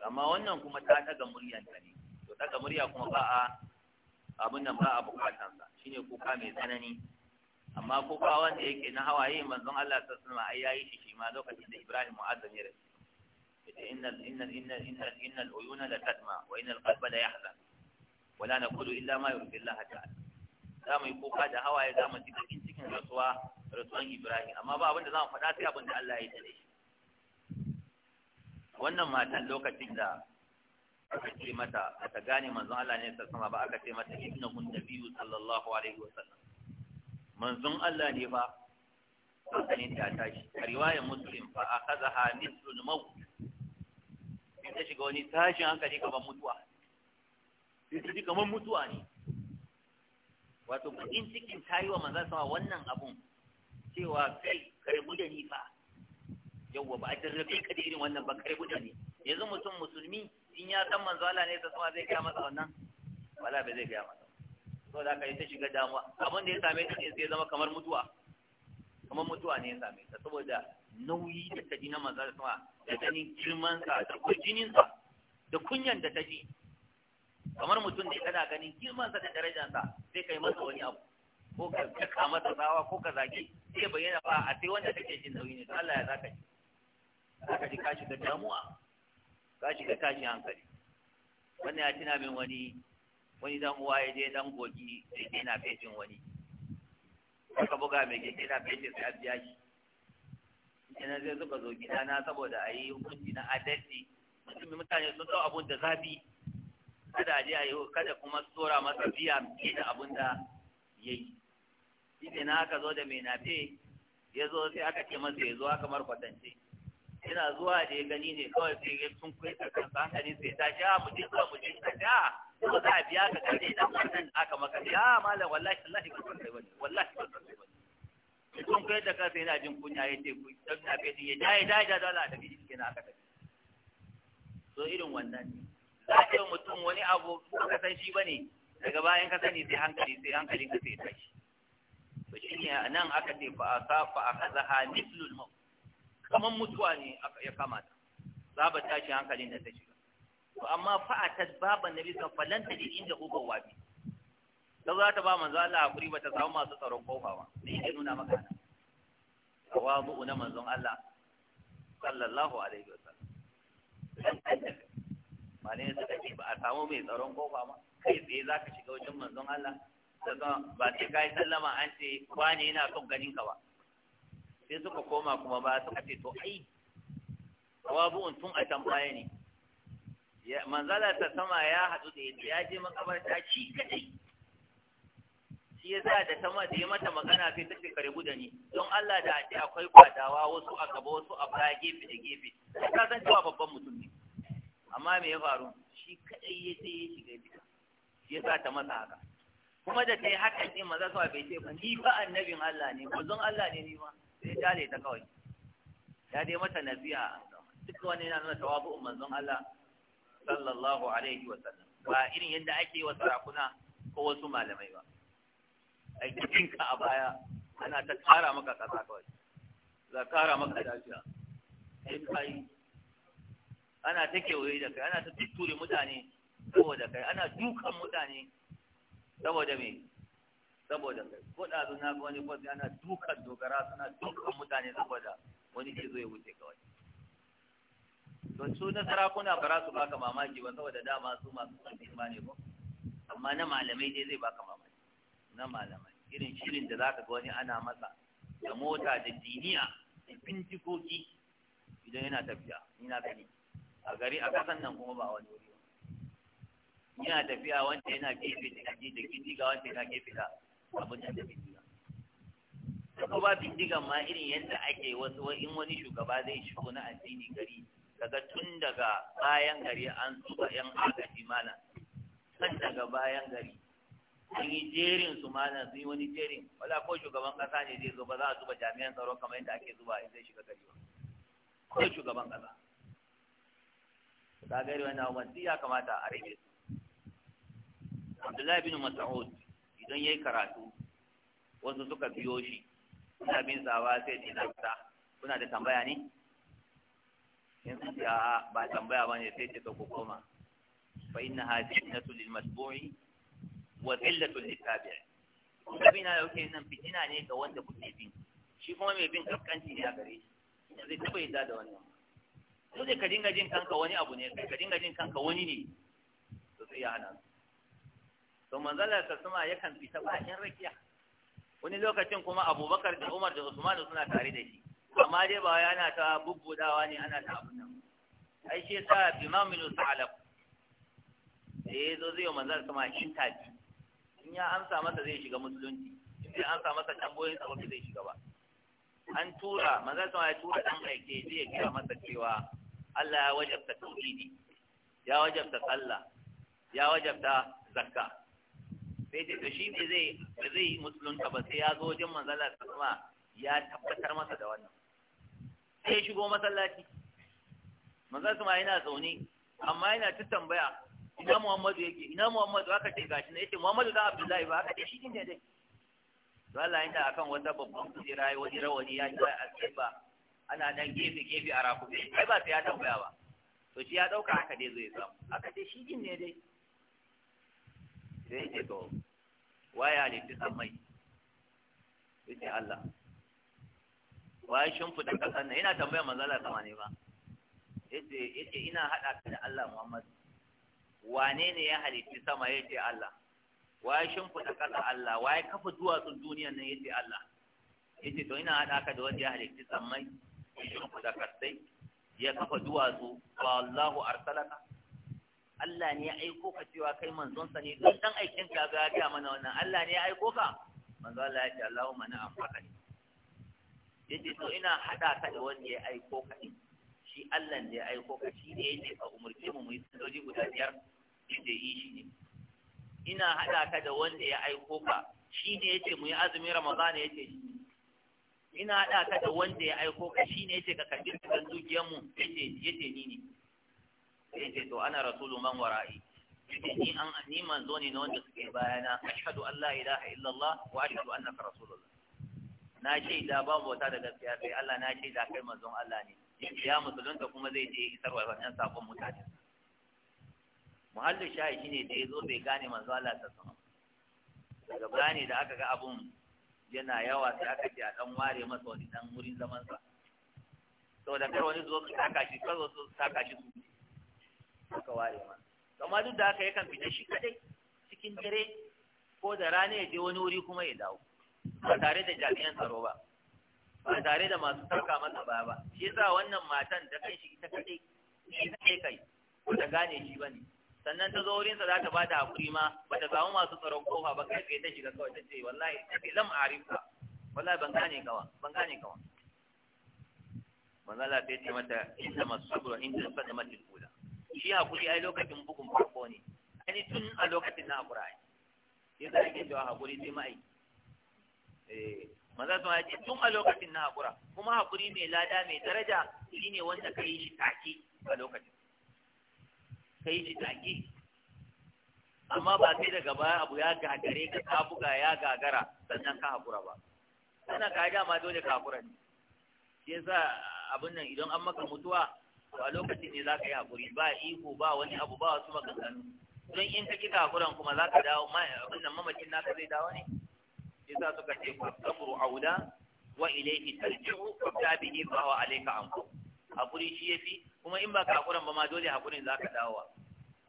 amma wannan kuma ta daga muryan ta ne to daga murya kuma ba a abin nan ba a bukatan sa shine kuka mai tsanani amma kuka wanda yake na hawaye manzon Allah sallallahu alaihi wasallam ai yayi shi shi ma lokacin da Ibrahim mu'azzam ya rasu إن إن إن إن إن العيون لتدمع وإن القلب لا يحزن ولا نقول إلا ما يرضي الله تعالى za mu yi kuka da hawaye za mu ji cikin rasuwa rasuwan Ibrahim amma ba abin da za mu faɗa sai abin da Allah ya yi da shi. wannan matan lokacin da aka ce mata ta gane manzon Allah ne ta sama ba aka ce mata innahu nabiyyu sallallahu alaihi wasallam manzon Allah ne ba. fa hankalin ta tashi a riwayar muslim fa akhadha mithlu al-maut sai ta shiga wani tashin hankali kamar mutuwa sai su ji kamar mutuwa ne wato bakin cikin ta yi wa manzan sama wannan abun cewa kai karbu da ni fa yawwa ba a jarrabe ka da irin wannan ba karbu da ni yanzu mutum musulmi in ya san manzo Allah ne ta sama zai gaya masa wannan wala ba zai gaya masa to da kai ta shiga damuwa abin da ya same ta sai zama kamar mutuwa kamar mutuwa ne ya same ta saboda nauyi da ta ji na manzon sama da ganin girmansa da kurjininsa da kunyan da ta ji kamar mutum ne kana ganin girmansa da darajarsa sai kai masa wani abu ko ka kaka masa tsawa ko ka zage sai bayyana ba a sai wanda kake jin nauyi ne to Allah ya zaka ji zaka ji ka shiga damuwa ka shiga tashin hankali wannan ya tuna min wani wani dan uwa ya je dan gogi da ke na fejin wani aka buga mai keke na fejin sai a biya shi kenan zai zuba zo gidana saboda a yi hukunci na adalci mutum mutane sun ɗau abun da zafi kada a je a yi kada kuma tsora masa biya mai da abun da ya yi shi na aka zo da mai nafe ya zo sai aka ce masa ya zo aka markwatance yana zuwa da ya gani ne kawai sai ya sun kai ka kansa hankali sai ta ja mu je ka mu je ka ja ko za a biya ka kai dan wannan aka maka ya malam wallahi wallahi ba kai bane wallahi ba kai bane ya kun kai da kafe yana jin kunya ya ce ku da kafe din ya yi dai da dole da biji kenan aka tafi so irin wannan ne za ka yi mutum wani abu ka san shi bane daga bayan ka sani sai hankali sai hankalin ka sai tashi to shine nan aka ce fa asafa akazaha mislul maut kaman mutuwa ne ya kamata Za ba tashi hankalin da ta shiga to amma fa atad baba nabi sallallahu alaihi wasallam falan tadi inda huwa wabi da za ta ba manzo Allah hakuri ba ta samu masu tsaron kofa ba ne yake nuna maka nan tawazu na manzon Allah sallallahu alaihi wasallam ne suka ce ba a samu mai tsaron kofa ma kai tsaye za ka shiga wajen manzon Allah ba ce ka yi sallama an ce kwani yana son ganin ka ba sai suka koma kuma ba suka ce to ai tawazu'un tun a can baya ne manzala ta sama ya haɗu da yadda ya je makabarta shi kadai shi yasa da ta da ya mata magana sai ta ce karibu da ni don Allah da ake akwai kwadawa wasu a gaba wasu a baya gefe da gefe ta san cewa babban mutum ne amma me ya faru shi kadai ya je ya shiga duka shi yasa ta masa haka kuma da ta yi haka ne maza su bai ce ba ni ba annabin Allah ne zan Allah ne ni ma sai ta le ta kawai ya dai mata nabiya duk wani yana nuna tawabu'un manzon Allah sallallahu alaihi wa sallam ba irin yadda ake wa sarakuna ko wasu malamai ba ai ka a baya ana ta kara maka kasa kawai za kara maka dajiya sai ka yi ana ta kewaye da kai ana ta tutture mutane saboda kai ana dukan mutane saboda me saboda kai ko da zo na wani kwasi ana dukan dogara suna dukan mutane saboda wani ke zo ya wuce kawai don su na sarakuna ba za su baka mamaki ba saboda dama su masu son ba ne ko amma na malamai dai zai baka mamaki na malamai irin shirin da zaka ga wani ana masa da mota da diniya da bincikoki idan yana tafiya ina gani a gari a kasan nan kuma ba wani wuri yana tafiya wanda yana gefe da kaji da kindiga wanda yana gefe da abin da bindiga ko ba bindigan ma irin yadda ake wasu in wani shugaba zai shigo na addini gari daga tun daga bayan gari an zuba yan agaji mana san daga bayan gari an yi jerin su mana sun yi wani jerin wala ko shugaban kasa ne zai zo ba za a zuba jami'an tsaro kamar yadda ake zuba in zai shiga gari ba ko shugaban kasa ta gari wannan abubuwan ya kamata a rage su abdullahi bin mas'ud idan yayi karatu wasu suka biyo shi suna bin sawa sai ce na fita kuna da tambaya ne in sun ce ba tambaya ba ne sai ce ka ku koma fa inna hadhihi natu lil masbu'i wa zillatul littabi'in abin da yake nan fitina ne ga wanda kuke bin shi kuma mai bin kaskanci ne a gare shi ba zai taba yadda da wannan ko zai ka dinga jin kanka wani abu ne ka dinga jin kanka wani ne to sai ya hana to manzala ta suma yakan fita bakin rakiya wani lokacin kuma abubakar da umar da usman suna tare da shi amma dai ba yana ta bubbudawa ne ana ta abun nan ai shi yasa bimamin salaf da ya zo zai manzala kuma ta tafi in ya ansa masa zai shiga musulunci in bai ansa masa tambayoyin sa wanda zai shiga ba an tura manzo sama ya tura dan aike zai kira masa cewa Allah ya wajabta tauhidi ya wajabta sallah ya wajabta zakka sai dai to shi ne zai zai musulunta ba sai ya zo wajen manzo Allah kuma ya tabbatar masa da wannan sai shigo masallaci manzo sama yana zaune amma yana ta tambaya ina muhammadu yake ina muhammadu aka ce gashi na yace muhammadu dan abdullahi ba aka ce shi ne dai to Allah inda akan wata babban kujera ya wani rawani ya ji alƙiba ana nan gefe gefe a rakumi kai ba sai ya tambaya ba to shi ya dauka aka dai zai samu aka ce shi ne dai sai ce to waya ne ta samai yace Allah waya shimfiɗa ƙasar nan Ina tambayar manzala sama ne ba yace yace ina haɗa ka da Allah Muhammadu wane ne ya halitti sama ya ce Allah wa ya shimfiɗa ƙasa Allah wa ya kafa duwatsun duniyan nan ya ce Allah ya ce to ina haɗa ka da wanda ya halitti sammai ya shimfiɗa ƙasai ya kafa duwatsu ba Allahu arsalaka Allah ne ya aiko ka cewa kai manzonsa ne don dan aikin ka ga ya mana wannan Allah ne ya aiko ka manzo Allah ya ce Allahumma na afaka ne yace to ina haɗa ka da wanda ya aiko ka ne shi Allah da ya aiko ka shi ne yake ka umurce mu mu yi salloli guda biyar inda yi shi ne ina hada ka da wanda ya aiko ka shi ne yake mu yi azumin Ramadan yake shi ina hada ka da wanda ya aiko ka shi ne yake ka karbi dukkan dukiyar mu yake yake ni ne yake to ana rasulu man wara'i yake ni an ni manzo ne na wanda suke bayana ashhadu an la ilaha illallah wa ashhadu annaka rasulullah na ce shaida babu wata da gaskiya sai Allah na ce da kai manzon Allah ne ya musulunta kuma zai je isar wa wannan sabon mutane muhallin shayi shine da yazo bai gane manzo Allah ta sama daga bayani da aka ga abun yana yawa sai aka ce a dan ware masa wani dan wurin zaman sa saboda kar wani zo ka saka shi kar wasu saka shi su aka ware ma amma duk da haka yakan fita shi kadai cikin dare ko da rana ya je wani wuri kuma ya dawo ba tare da jami'an tsaro ba ba tare da masu sarka masa ba ba shi yasa wannan matan ta kai shi ta kade shi ta kai kai ba ta gane shi ba ne sannan ta zo sa za ta ba da hakuri ma ba ta samu masu tsaron kofa ba kai kai ta shiga kawai ta ce wallahi ta lam arifa wallahi ban gane kawa ban gane kawa manzo Allah sai ce mata inna masabru inda sadamatul ula shi hakuri ai lokacin bugun farko ne ani tun a lokacin na hakuri yasa yake cewa hakuri sai mai eh maza sun ce tun a lokacin na haƙura kuma haƙuri mai lada mai daraja shine wanda ka yi shi take a lokacin ka yi shi take amma ba sai daga baya abu ya gagare ka tabuga buga ya gagara sannan ka haƙura ba kana ka yi dama dole ka haƙura ne shi yasa abin nan idan an maka mutuwa to a lokacin ne za ka yi haƙuri ba iko ba wani abu ba wasu maganganu don in ka ƙi ka haƙuran kuma za ka dawo abin nan mamacin naka zai dawo ne yasa suka ce fa sabru aula wa ilayhi tarji'u fa tabihi fa huwa alayka anfu hakuri shi yafi kuma in ba ka hakuran ba ma dole hakurin zaka dawowa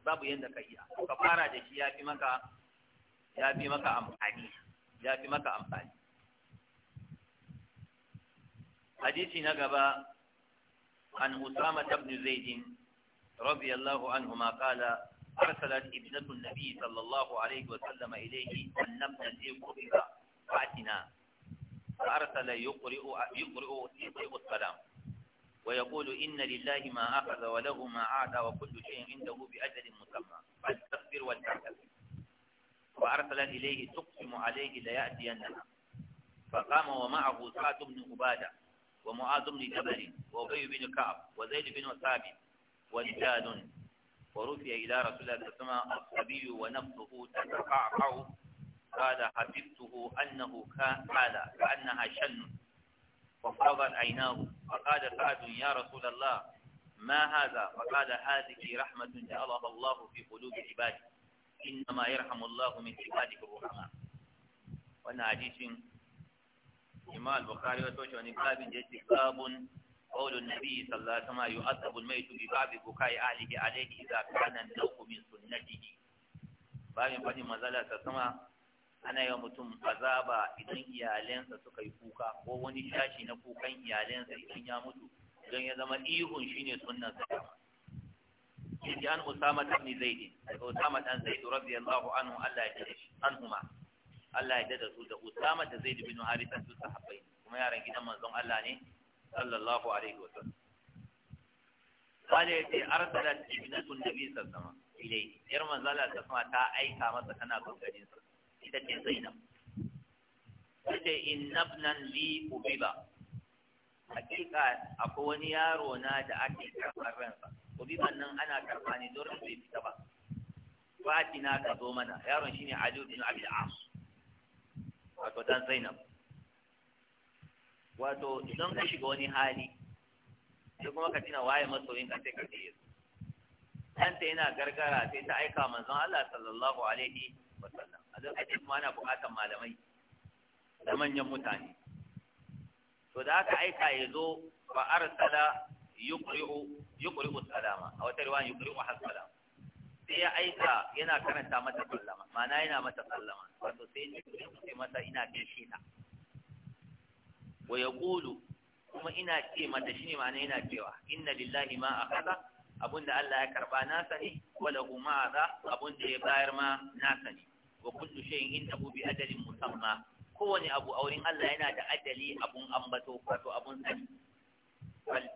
babu yanda ka iya ka fara da shi yafi maka yafi hadisi na gaba عن أسامة بن زيد رضي الله عنهما قال أرسلت ابنة النبي صلى الله عليه وسلم إليه أن ابنتي قبض فأتنا فأرسل يقرئ يقرئ يقرئ السلام ويقول إن لله ما أخذ وله ما أعطى وكل شيء عنده بأجل مسمى فاستغفر ولتعتذر فأرسل إليه تقسم عليه ليأتينها فقام ومعه سعد بن عبادة ومعاذ بن جبل وأبي بن كعب وزيد بن ثابت ورجال ورفع إلى رسول الله صلى الله عليه وسلم الصبي ونفسه تتقعقع قال حفظته أنه قال كأنها شن وفرضت عيناه فقال سعد يا رسول الله ما هذا فقال هذه رحمة جعلها الله في قلوب عباده إنما يرحم الله من عباده الرحماء وأنا حديث إمام البخاري وتوشي عن باب جيش باب قول النبي صلى الله عليه وسلم يؤدب الميت بباب بكاء أهله عليه إذا كان الذوق من سنته باب فني مزالة سمع ana yi wa mutum azaba idan iyalensa suka yi kuka ko wani shashi na kukan iyalensa idan ya mutu don ya zama ihun shi shine sunnan sa kama yaji an usama ta ibn zaid daga usama dan zaid radiyallahu anhu Allah ya jada shi huma. Allah ya jada su da usama zai zaid bin harisa su haɓai? kuma yaran gidan manzon Allah ne sallallahu alaihi wasallam قال أرسلت ابنة النبي صلى الله عليه وسلم إليه يرمى زالة ta aika masa tana كان قد ita ce zainab ita inna ibnan li ubiba hakika akwai wani yaro na da ake karɓar ransa ubiban nan ana karɓa ne don bai fita ba fatina ka zo mana yaron shine ali bin abi al-as wato dan zainab wato idan ka shiga wani hali sai kuma ka tuna waye masoyin ka sai ka ce yesu ɗanta yana gargara sai ta aika manzon Allah sallallahu alaihi wasallam a ake kuma ana buƙatar malamai da manyan mutane to da aka aika ya zo fa arsala yuqri'u yuqri'u salama a wata riwaya yuqri'u salama, sai ya aika yana karanta mata sallama ma'ana yana mata sallama wato sai ya ce mata ina gaishe ta wa yaqulu kuma ina ce mata ne ma'ana yana cewa inna lillahi ma akhadha da Allah ya karba nasa ne wala kuma za da ya bayar ma na sani. wa kullu shay'in indahu bi ajalin musamma kowane abu a wurin Allah yana da ajali abun ambato wato abun sani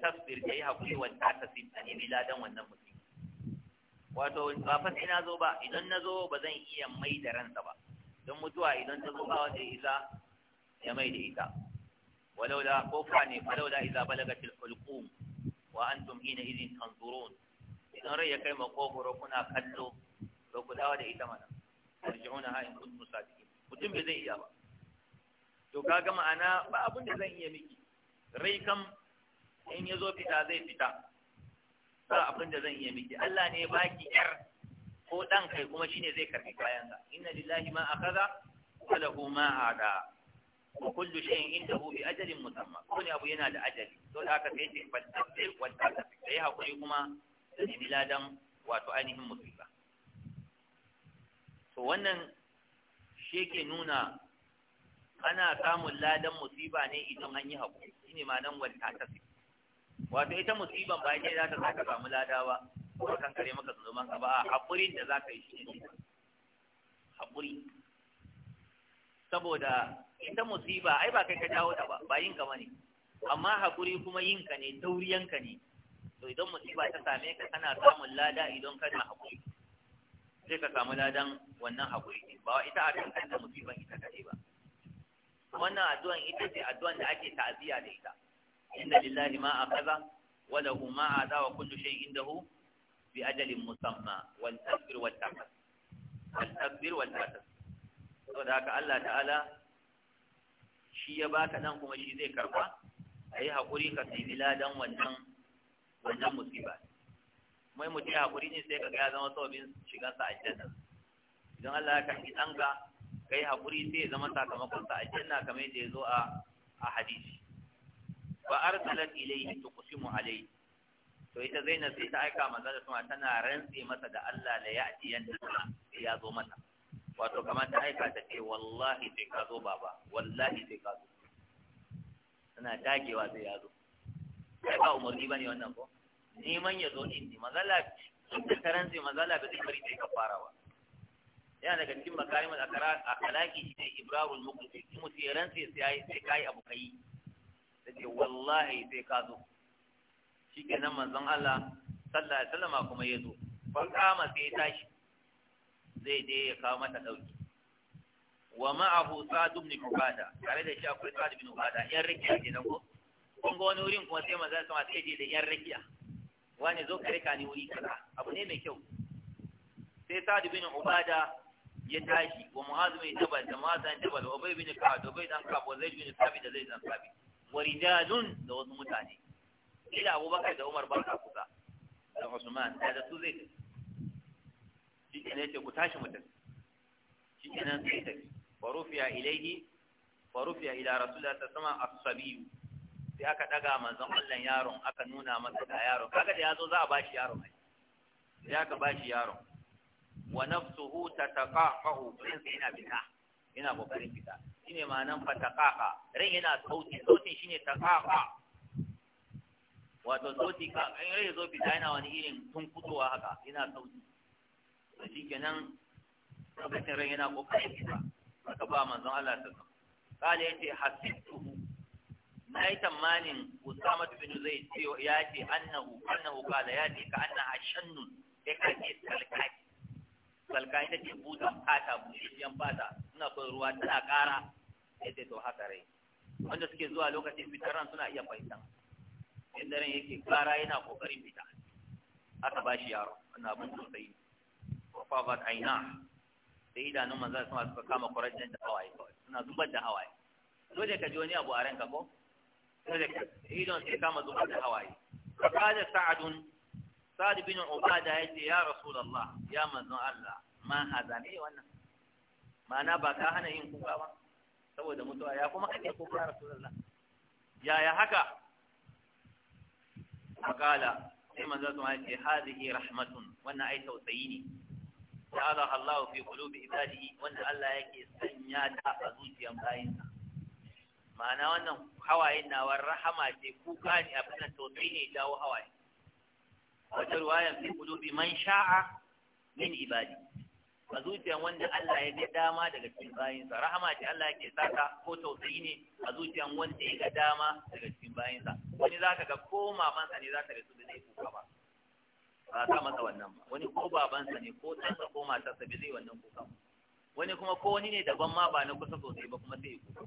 tasbir kai hakuri tasbir a nemi ladan wannan mutum wato ba fa sai zo ba idan na ba zan iya mai da ransa ba don mutuwa idan ta zo ba isa ya mai da ita walaula ko fa ne walaula idza balagatil wa antum hina idin tanzurun idan kai kuna kallo to ku dawo da ita mana tarji'una ha in kuntum sadiqin mutum bai zai iya ba to kaga ma'ana ba abin da zan iya miki rai kam in yazo fita zai fita ba abin da zan iya miki Allah ne baki yar ko dan kai kuma shine zai karbi kayan ka inna lillahi ma akhadha wa lahu ma ada wa kullu shay'in indahu bi ajalin musamma ko ne abu yana da ajali to da haka sai ce fal sai wanda tasbir sai hakuri kuma da miladan wato ainihin musiba to wannan shi ke nuna ana samun ladan musiba ne idan an yi haƙuri shi ne ma nan wanta ta fi wato ita musiban ba ne za ta za ka samu lada ba ko kan kare maka zunuban ka ba a haƙurin da za ka yi shi ne haƙuri saboda ita musiba ai ba kai ka jawo ta ba ba yin ka ne. amma haƙuri kuma yin ka ne tauriyan ka ne to idan musiba ta same ka kana samun lada idan kana haƙuri sai ka samu ladan wannan haƙuri ba ita a kan kanta musiban ita kaɗai ba wannan addu'an ita ce addu'an da ake ta'aziyya da ita inna lillahi ma a kaza wa lahu ma ada wa kullu shay'in indahu bi ajalin musamma wal tasbir wal takas wal tasbir wal takas saboda haka Allah ta'ala shi ya baka nan kuma shi zai karba ayi haƙuri ka sai ladan wannan wannan musiba mai mu je hakuri ne sai kaga ya zama sababin shigar sa aljanna idan Allah ya karbi danka kai hakuri sai ya zama sakamakon sa aljanna kamar yadda ya zo a a hadisi wa arsalat ilayhi tuqsimu alayhi to ita Zainab sai ta aika manzo da kuma tana rantsi masa da Allah la ya'ti yanda ya zo mata wato kamar ta aika ta ce wallahi sai ka zo baba wallahi sai ka zo tana dagewa sai ya zo kai ba umarni bane wannan ko neman ya zo din ne mazala duk da karanci mazala ba zai bari sai ka fara ba yana daga cikin makarimin a kalaki shi ne ibrarul mukunci mutu ya ran sai sai kai abu kai da ce wallahi sai ka zo shi ke nan manzon Allah sallallahu alaihi wasallam kuma ya zo ban kama sai tashi zai je ya kawo mata dauki wa ma'ahu sa'd ibn ubada tare da shi akwai sa'd ibn ubada yan rakiya kenan ko kun ga wani wurin kuma sai manzon sama sai je da yan rakiya wani zo ka rika ni wuri kaza abu ne mai kyau sai sa'ad bin ubada ya tashi wa mu'az mai jabal da mu'az bin jabal wa bai bin ka da bai dan ka'ab wa zaid bin sabi da zai dan wari da nun da wasu mutane ila abubakar da umar ba ka kusa da usman da su zai shi ne ce ku tashi mutum shi ne sai tafi wa rufiya ilayhi wa rufiya ila rasulullah sallallahu alaihi wasallam as-sabiy sai aka daga manzon Allah yaron aka nuna masa da yaron kaga da yazo za a bashi yaron ai sai aka bashi yaron wa nafsuhu tataqahu rin sai yana fita yana kokarin fita shine ma'anan fataqaha rin yana sauti sautin shine taqaha wato sauti ka an rai zo fita yana wani irin tun fitowa haka yana sauti da shi kenan lokacin rai yana kokarin fita aka ba manzon Allah ta kala yace hasibtuhu na yi tamanin usama bin zai ce ya ce annahu annahu da ya ce ka anna ashannun sai ka ce salkai salkai ta ce buta fata bushiyan fata suna kan ruwa tana kara sai ce to haka rai wanda suke zuwa lokacin fitaran suna iya fahimta inda ran yake kara yana kokarin fita aka ba shi yaro ana bin sosai fa ba aina sai idanun manzon suna suka kama kwarajen da hawaye suna zubar da hawaye dole ka ji wani abu a ranka ko idon sai kama zubar da hawaye فقال سعد سعد بن عبادة يتي يا رسول الله يا من الله ما هذا لي وانا ما أنا بكا هنا ينكوكا با سوى ده متوى يا كما كنت يكوكا يا رسول الله يا يا حكا فقال كما ذات ما يتي هذه رحمة وانا أي توسيني جعلها الله في قلوب عباده وانا الله يكي سنياتا أزوجي أمبائنا ma'ana wannan hawayen nawa rahama ce kuka ne abin da tausayi ne dawo hawaye wata ruwayan fi qulubi man sha'a min ibadi a zuciyan wanda Allah ya ga dama daga cikin bayinsa rahama ce Allah yake saka ko tausayi ne a zuciyan wanda ya ga dama daga cikin bayinsa wani zaka ga ko mamansa ne zaka rasu da zai kuka ba ba ka masa wannan ba wani ko babansa ne ko ɗansa ko matarsa bai zai wannan kuka wani kuma ko wani ne daban ma ba na kusa sosai ba kuma sai ya kuka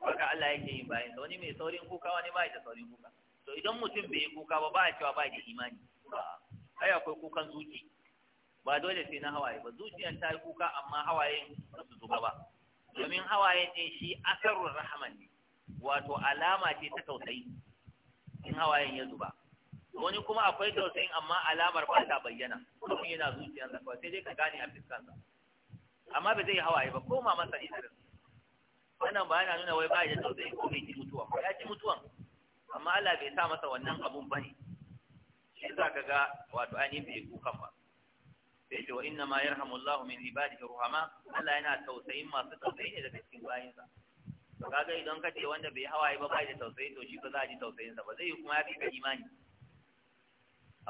haka Allah yake yin bayan wani mai saurin kuka wani ba da saurin kuka to idan mutum bai yi kuka ba ba a cewa ba da imani ai akwai kukan zuci ba dole sai na hawaye ba zuciyar ta yi kuka amma hawaye ba su zuba ba domin hawaye ne shi Asarar rahaman ne wato alama ce ta tausayi in hawayen ya zuba wani kuma akwai tausayin amma alamar ba ta bayyana kuma yana zuciyarsa kawai sai dai ka gane a fiskansa amma ba zai yi hawaye ba ko mamansa ita da wannan ba yana nuna wai ba ya tausayi ko bai ji mutuwan ba ya ji mutuwan amma Allah bai sa masa wannan abun ba ne shi za ka ga wato ainihin bai kukan ba sai ce wa inna ma yarhamu Allah min ibadihi ruhama Allah yana tausayin masu tausayi ne daga cikin bayinsa kaga idan ka ce wanda bai hawaye ba bai da tausayi to shi ba za a ji sa ba zai yi kuma ya fita imani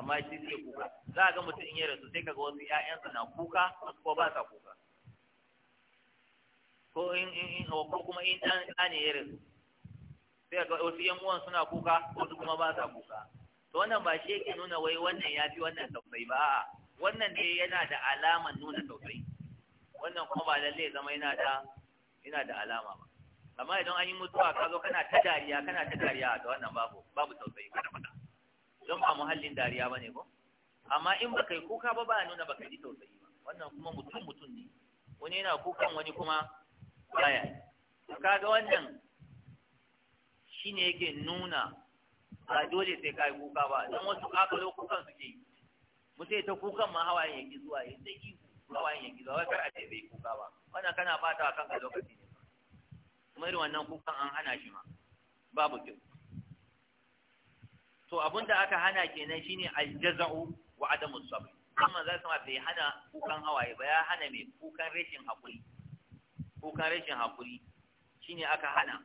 amma shi zai kuka za a ga mutum in ya rasu sai kaga wasu 'ya'yansa na kuka ko ba sa kuka ko in in ko kuma in dan ne irin sai ga wasu yan uwan suna kuka wasu kuma ba sa kuka to wannan ba shi yake nuna wai wannan ya fi wannan tausayi ba a'a wannan ne yana da alaman nuna tausayi wannan kuma ba lalle zama yana da yana da alama ba amma idan an yi mutuwa ka zo kana ta dariya kana ta dariya ga wannan babu babu tausayi kada fada don ba muhallin dariya bane ko amma in baka yi kuka ba ba nuna baka ji tausayi ba wannan kuma mutum mutum ne wani yana kukan wani kuma baya ga wannan shine yake nuna ba dole sai kai kuka ba dan wasu kakalo kukan suke mutai ta kukan ma hawayen yake zuwa ya sai ki hawayen yake zuwa kar a ce bai kuka ba wannan kana bata a kanka lokaci ne kuma irin wannan kukan an hana shi ma babu kyau to abin da aka hana kenan shine aljaza'u wa adamu sabr kuma za su ma bai hana kukan hawaye ba ya hana mai kukan rashin hakuri kukan rashin haƙuri ne aka hana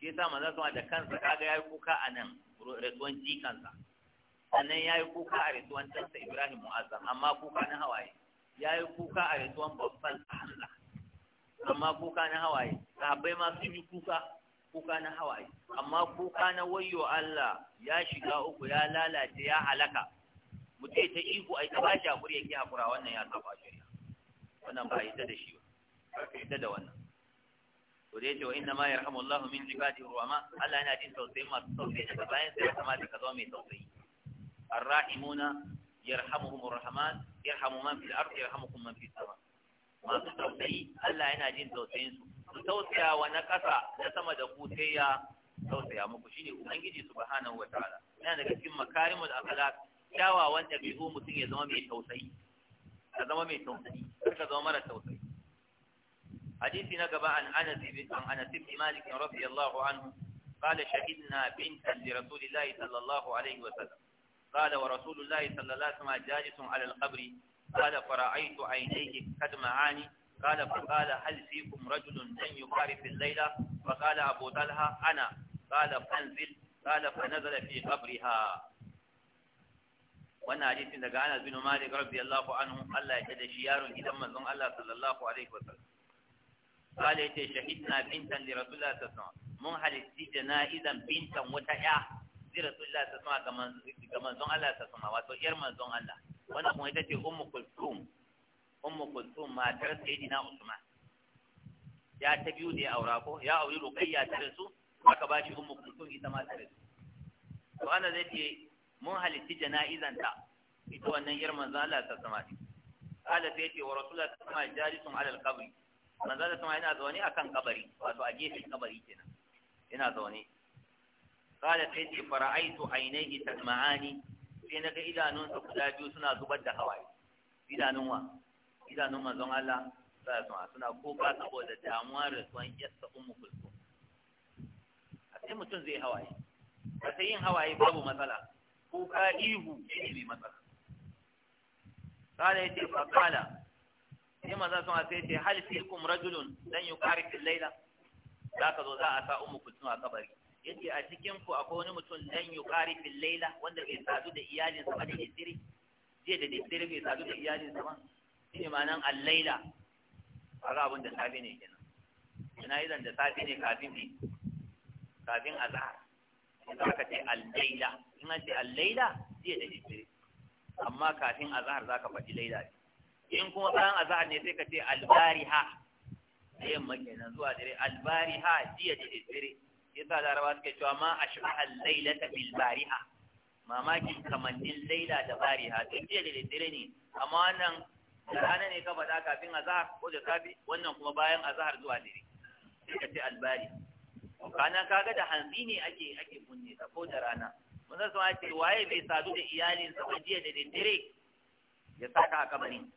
shi yasa manzon sama da kansa kaga yayi kuka a nan rasuwan jikansa sannan yayi kuka a rasuwan Tansa Ibrahim Mu'azzam amma kuka na hawaye yayi kuka a rasuwan babban Hamza amma kuka na hawaye sahabbai ma sun yi kuka kuka na hawaye amma kuka na wayo Allah ya shiga uku ya lalace ya halaka mutai ta iko ai ta bashi hakuri yake hakura wannan ya saba shari'a wannan ba ita da shi ba ka yadda da wannan to da yace wa inna ma yarhamu Allah min ibadihi ruhama Allah yana jin tausayi masu tausayi daga bayan sai ya kamata ka zama mai tausayi arrahimuna yarhamuhumur rahman yarhamu man fil ardi yarhamukum man fis sama masu tausayi Allah yana jin tausayin su tausayawa tausaya wa na ƙasa da sama da ku sai ya tausaya muku shine ubangiji subhanahu wataala yana daga cikin makarimul akhlaq kyawawan dabi'u mutum ya zama mai tausayi ka zama mai tausayi kar ka zama mara tausayi حديث نقب عن أنس بن عن أنس بن مالك رضي الله عنه قال شهدنا بنتا لرسول الله صلى الله عليه وسلم قال ورسول الله صلى الله عليه وسلم جالس على القبر قال فرأيت عينيه قد معاني قال فقال هل فيكم رجل لن يخالف الليلة فقال أبو طلحة أنا قال فانزل قال فنزل في قبرها وانا حديث daga Anas bin Malik radiyallahu anhu Allah ya tada shi yaron gidan manzon Allah sallallahu alaihi wasallam قال يتي شهدنا بنتا لرسول الله صلى الله عليه وسلم من حلسي جنائزا بنتا وتأ لرسول الله صلى الله عليه وسلم كمن زون الله صلى الله عليه وسلم واتو إرمان زون الله وانا كون يتي أم كلثوم أم كلثوم ما ترس سيدنا عثمان ya ta biyu da ya aura ko ya auri ruqayya ta rasu aka bashi ummu kulsum ita ma ta rasu to ana zai ce mun halitti jana'izan ta ita wannan yar manzo Allah ta sama ce qala sai ce wa rasulullah ta sama manzo da sama yana zaune akan kabari wato a gefen kabari kenan yana zaune qala sai ce fara'aitu ainihi tadma'ani sai naga idanunsa guda biyu suna zubar da hawaye idanun wa idanun manzon Allah sai alaihi suna suna kuka saboda damuwa rasuwan yassa ummu kulku a sai mutum zai hawaye a sai yin hawaye babu matsala kuka ihu shi ne matsala qala yace fa qala sai maza sun sai ce hal fikum rajulun dan yuqari fil layla ka zo za a sa ummu kulsum a kabari yace a cikin ku akwai wani mutum dan yuqari fil layla wanda bai sadu da iyalinsa ba da dare jiya da dare bai sadu da iyalinsa ba shine ma'anan al-layla kaga abin da safe ne kenan ina idan da safe ne kafin ne kafin azhar idan ka ce al-layla in an ce al-layla jiya da dare amma kafin azhar zaka faɗi layla ne in kuma bayan azahar ne sai ka ce albariha a yamma kenan zuwa dare albariha jiya da dare yasa larabawa suke cewa ma a ashbaha al-lailata bil bariha mamakin kamannin laila da bariha to jiya da dare ne amma wannan da rana ne kafa faɗa kafin azahar ko da safi wannan kuma bayan azahar zuwa dare sai ka ce albari kana kaga da hanzi ne ake ake kunne ta ko da rana mun san ce waye bai sadu da iyalinsa jiya da dare ya saka a kamarin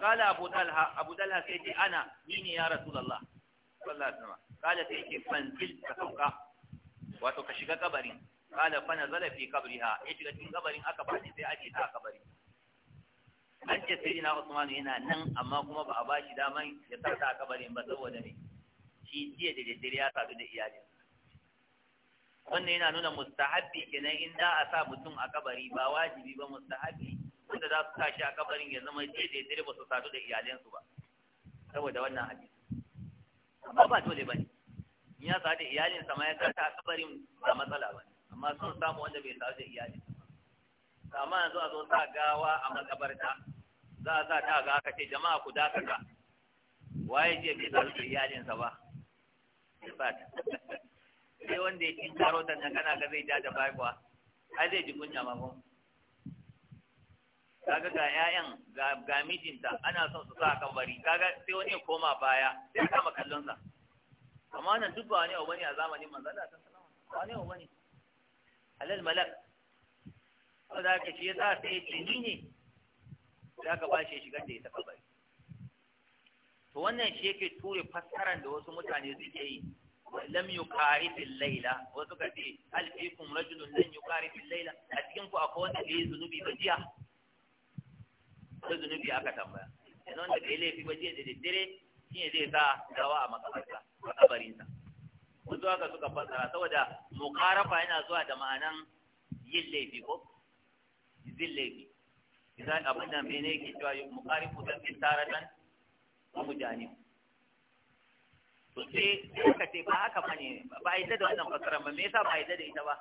فقال أبو دلها أبو دلها سيدي أنا مين يا رسول الله صلى الله عليه وسلم قال سيدي فانزل تسوقا وتكشك قبري قال فنزل في قبرها يشك من قبر أكبر في أجيها قبري an ce sai ina Usman yana nan amma kuma ba a ba shi daman ya tsarta a kabarin ba saboda ne shi jiya wannan yana nuna mustahabi kenan in da a sa mutum a kabari ba wajibi ba mustahabi lokacin da za su tashi a kabarin ya zama daidai dare ba su sadu da iyalinsu ba saboda wannan hadisi amma ba dole ba ne in ya sadu da iyalinsa ma ya tashi a kabarin ba matsala ba amma sun samu wanda bai sadu da iyalinsa ba amma yanzu a zo sa gawa a makabarta za a sa ta ga aka ce jama'a ku dakaka waye je bai sadu da iyalinsa ba sai wanda ya ci taro nan kana ga zai ja da baiwa kuwa ai zai ji kunya ma kuma kaga ga ƴaƴan ga mijinta ana son su sa bari. kaga sai wani ya koma baya sai ka kama kallon sa amma nan duk ba ne abu bane a zamanin manzo Allah alaihi wasallam ba ne abu bane alal malak saboda haka shi sa sai jini ne za ka ba shi shigar da ita bari. to wannan shi yake ture fassaran da wasu mutane suke yi lam yukari fil Layla, wasu ka ce alfikum rajulun lam yukari fil Layla, a cikin ku akwai wanda bai zunubi ba jiya sai zunubi aka tambaya yanzu wanda yi laifi ba jiya da daddare shi ne zai sa gawa a makabarta a kabarinsa zuwa ka suka fassara saboda mukarafa yana zuwa da ma'anan yin laifi ko zin laifi idan abin da mene yake cewa mukarifu dan fi taratan wa mujani sosai sai suka ce ba haka ba ne, ba a yadda da wannan fassara ba me yasa ba a yadda da ita ba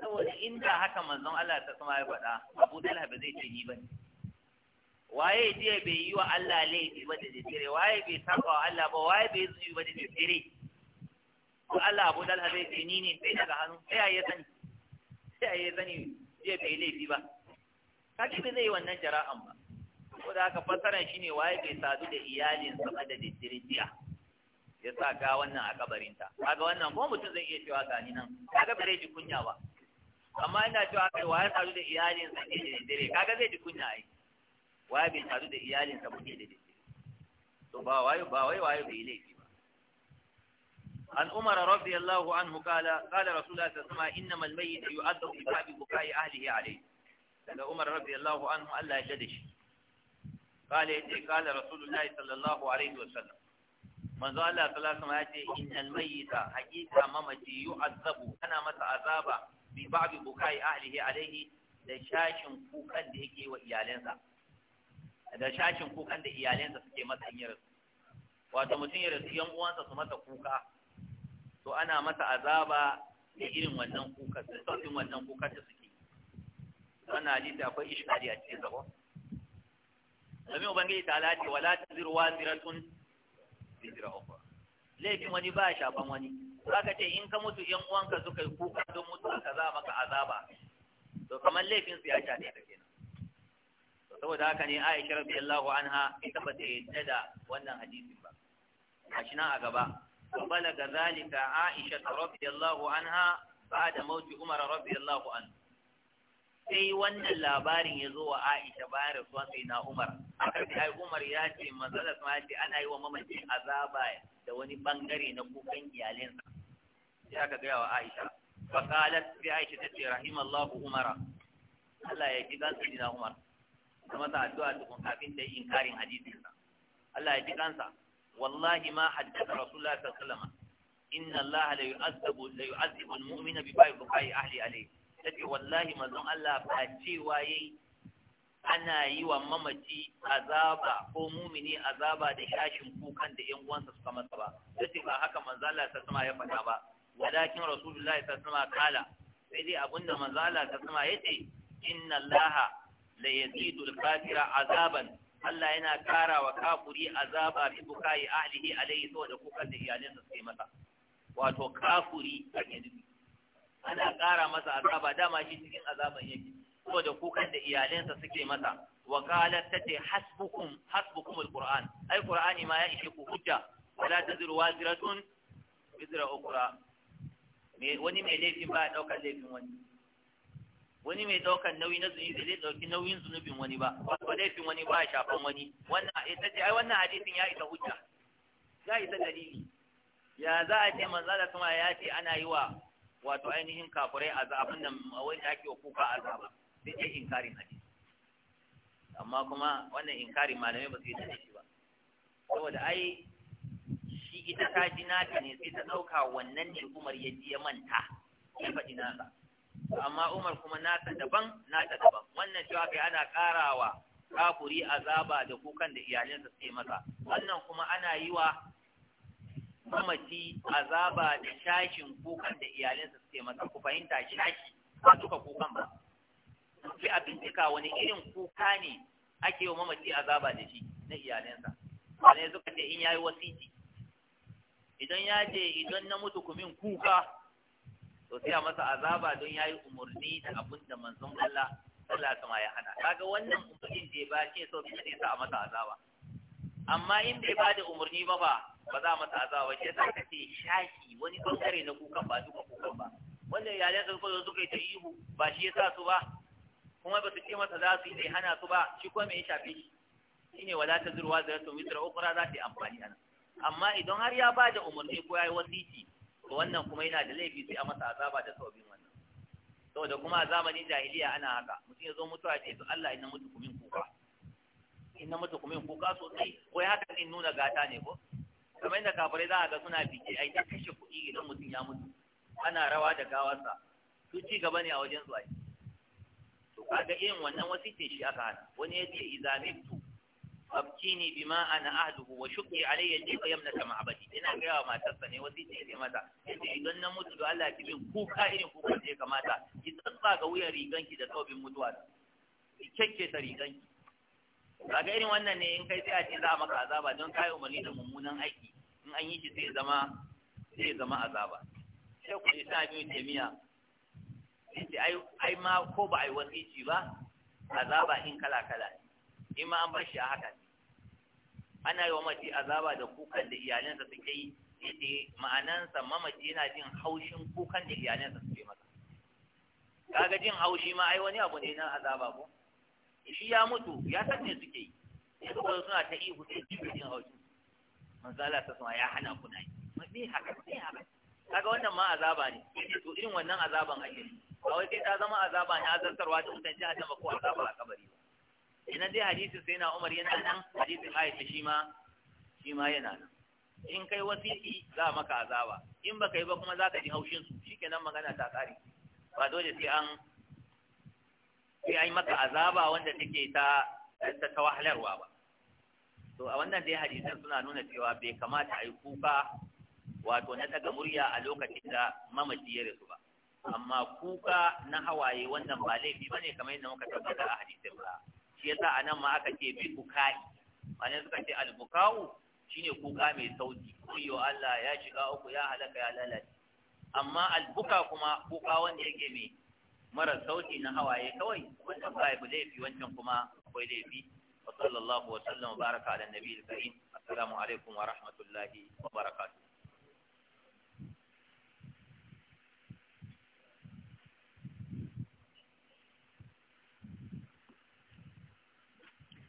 saboda inda haka manzon Allah ta sama ya faɗa Abu Talha ba zai ce yi ne. waye jiya bai yi wa Allah laifi ba da jere waye bai saba wa Allah ba waye bai zuyi ba da jere ko Allah Abu Dalha zai ce ni ni bai daga hannu sai ya sani sai ya sani jiya bai bi ba kaji bai zai wannan jara'an ba ko da fasara fassara ne waye bai sadu da iyalin sa ba da jere jiya ya sa ga wannan a ta. kaga wannan ko mutum zai iya cewa ga ni nan kaga bare ji kunya ba amma ina cewa waye sadu da iyalin sa ne da jere kaga zai ji kunya ai waye bai taru da iyalinsa muke da dake to ba waye ba waye waye bai laifi ba an umara radiyallahu anhu qala qala rasulullahi sallallahu alaihi wasallam innamal mayyit yu'adhabu bi ba'd bukai ahlihi alayhi daga umar radiyallahu anhu Allah ya dade shi qala yace kala rasulullahi sallallahu alaihi wasallam manzo Allah sallallahu alaihi wasallam yace innal mayyita haqiqa mamaci yu'adhabu ana masa azaba bi ba'd bukai ahlihi alayhi da shashin kukan da yake wa iyalansa da shashin kukan da iyalinsa suke masa in rasu wato mutum ya rasu yan uwansa su masa kuka to ana masa azaba da irin wannan kukan da sautin wannan kukan da suke wannan hadisi akwai ishkari a cikin zabo domin ubangiji ta lati wala zirwa ziratun bizira ukhra laifin wani ba shafan wani ka ce in ka mutu yan uwanka suka yi kuka don mutu aka za maka azaba to kamar laifin su ya shafe ka kenan saboda haka ne Aisha radiyallahu anha ita ba ta yadda da wannan hadisin ba gashi nan a gaba wa balaga zalika Aisha radiyallahu anha ba'da mauti Umar radiyallahu anhu sai wannan labarin ya zo wa Aisha bayan rasuwan sai na Umar aka ce ai Umar ya ce manzala ma ce ana yi wa mamaci azaba da wani bangare na kukan iyalinsa sai aka gaya wa Aisha fa qalat bi Aisha ta tace rahimallahu Umar Allah ya ji gansu na Umar da masa addu'a tukun kafin ta yi inkarin hadisinsa Allah ya ji kansa wallahi ma haddatha rasulullah sallallahu alaihi inna Allah la yu'azzibu la yu'azzibu al-mu'mina bi ba'i bukai ahli alayhi tace wallahi manzon Allah ba ce waye ana yi wa mamaci azaba ko mumini azaba da shashin kukan da 'yan uwansa suka masa ba tace ba haka manzon Allah sallallahu alaihi wasallam ya faɗa ba walakin rasulullahi sallallahu alaihi wasallam kala sai dai abinda manzon Allah sallallahu alaihi wasallam yace inna Allah la yazidu al-kafira azaban Allah yana karawa wa kafuri azaba bi bukai ahlihi alayhi to da kukan da iyalinsa sai masa wato kafuri a gidan ana kara masa azaba dama shi cikin azaban yake to da kukan da sa suke masa wa qalat tati hasbukum hasbukum al-qur'an ai qur'ani ma ya ishe ku hujja wala taziru waziratun bizra ukra me wani mai laifin ba ya daukar laifin wani wani mai daukan nauyi na zunubi zai dauki nauyin zunubin wani ba ba laifin wani ba shafan wani wannan ita eh, ce ai wannan hadisin ya isa hujja ya isa dalili ya za a ce manzo da kuma ya ce ana yi wa wato ainihin kafirai azabin nan wani yake ake kuka azaba sai dai inkarin hadisi amma kuma wannan inkari malamai ba su yi da shi ba saboda ai shi ita ta ji nata ne sai ta dauka wannan ne Umar ya ji ya manta ya faɗi nasa amma Umar kuma nata daban nata daban wannan cewa kai ana karawa kafuri azaba da kukan da iyalinsa suke masa wannan kuma ana yi wa mamaci azaba da shashin kukan da iyalinsa suke masa ku fahimta shashi ba duka kukan ba sai a bincika wani irin kuka ne ake wa mamaci azaba da shi na iyalinsa wani suka ce in yayi wasiti idan ya ce idan na mutu kumin kuka to sai a masa azaba don yayi umurni da abin da manzon Allah Allah ta mai hana kaga wannan umurnin da ba ce so sai sa a masa azaba amma in bai ba da umurni ba ba ba za a masa azaba ce sai ka ce shaki wani bangare na kukan ba duka kukan ba wannan yayin sun koyo suka yi ta ihu ba shi yasa su ba kuma ba su ce masa za su yi hana su ba shi kuma me ya shafe shi shine wala ta zurwa da su mitra ukra za ta yi amfani ana amma idan har ya ba da umarni ko yi wasiti to wannan kuma yana da laifi sai a masa azaba da sabbin wannan saboda kuma a zamanin jahiliya ana haka mutum ya zo mutuwa ce to Allah ina mutu kumin kuka ina mutu kumin kuka sosai ko ya haka in nuna gata ne ko kamar yadda kafirai za a ga suna biki ai ta kashe kuɗi idan mutum ya mutu ana rawa da gawarsa su ci gaba ne a wajen zuwa to kaga irin wannan wasu ce shi aka hana wani ya ce izamitu abtini bima ana ahduhu wa shukri alayya jifa yamna kama abadi ina ga yawa matarsa ne wasu ce ce mata idan na mutu da Allah ki bin kuka irin kuka ce kamata ki tsatsa ga wuyan riganki da saubin mutuwa ki kekke ta riganki kaga irin wannan ne in kai sai a ce za maka azaba don kai umarni da mummunan aiki in an yi shi sai zama sai zama azaba sai ku isa biyu jami'a sai ai ai ma ko ba ai wasici ba azaba in kala kala ne in ma an bar shi a haka ne. ana yi wa mace azaba da kukan da iyalinsa suke yi yace ma'anansa mamaci yana jin haushin kukan da iyalinsa suke masa kaga jin haushi ma ai wani abu ne na azaba ko shi ya mutu ya san me suke yi ko kuma suna ta ihu sai jin haushi manzo ta sama ya hana ku nayi ni haka ne haka kaga wannan ma azaba ne to irin wannan azaban ake ba wai sai ta zama azaba ne azartarwa ta mutunci a ko azaba a kabari ba ina dai hadisin sai na Umar yana nan hadisin Aisha shi ma shi ma yana nan in kai wasiki za maka azaba in baka yi ba kuma za zaka ji haushin su shikenan magana ta kare ba dole sai an sai ai maka azaba wanda take ta ta tawahlarwa ba to a wannan dai hadisan suna nuna cewa bai kamata a kuka wato na daga murya a lokacin da mamaci ya rasu ba amma kuka na hawaye wannan ba laifi bane kamar yadda muka tabbata a hadisin ba shi yasa a nan ma aka ce bi bukai ma'ana suka ce shi shine kuka mai sauti kuyo Allah ya shiga uku ya halaka ya lalace amma albuka kuma kuka wanda yake mai mara sauti na hawaye kawai wancan ba ya laifi wancan kuma akwai laifi wa sallallahu wa sallam baraka ala nabiyil karim assalamu alaikum wa rahmatullahi wa barakatuh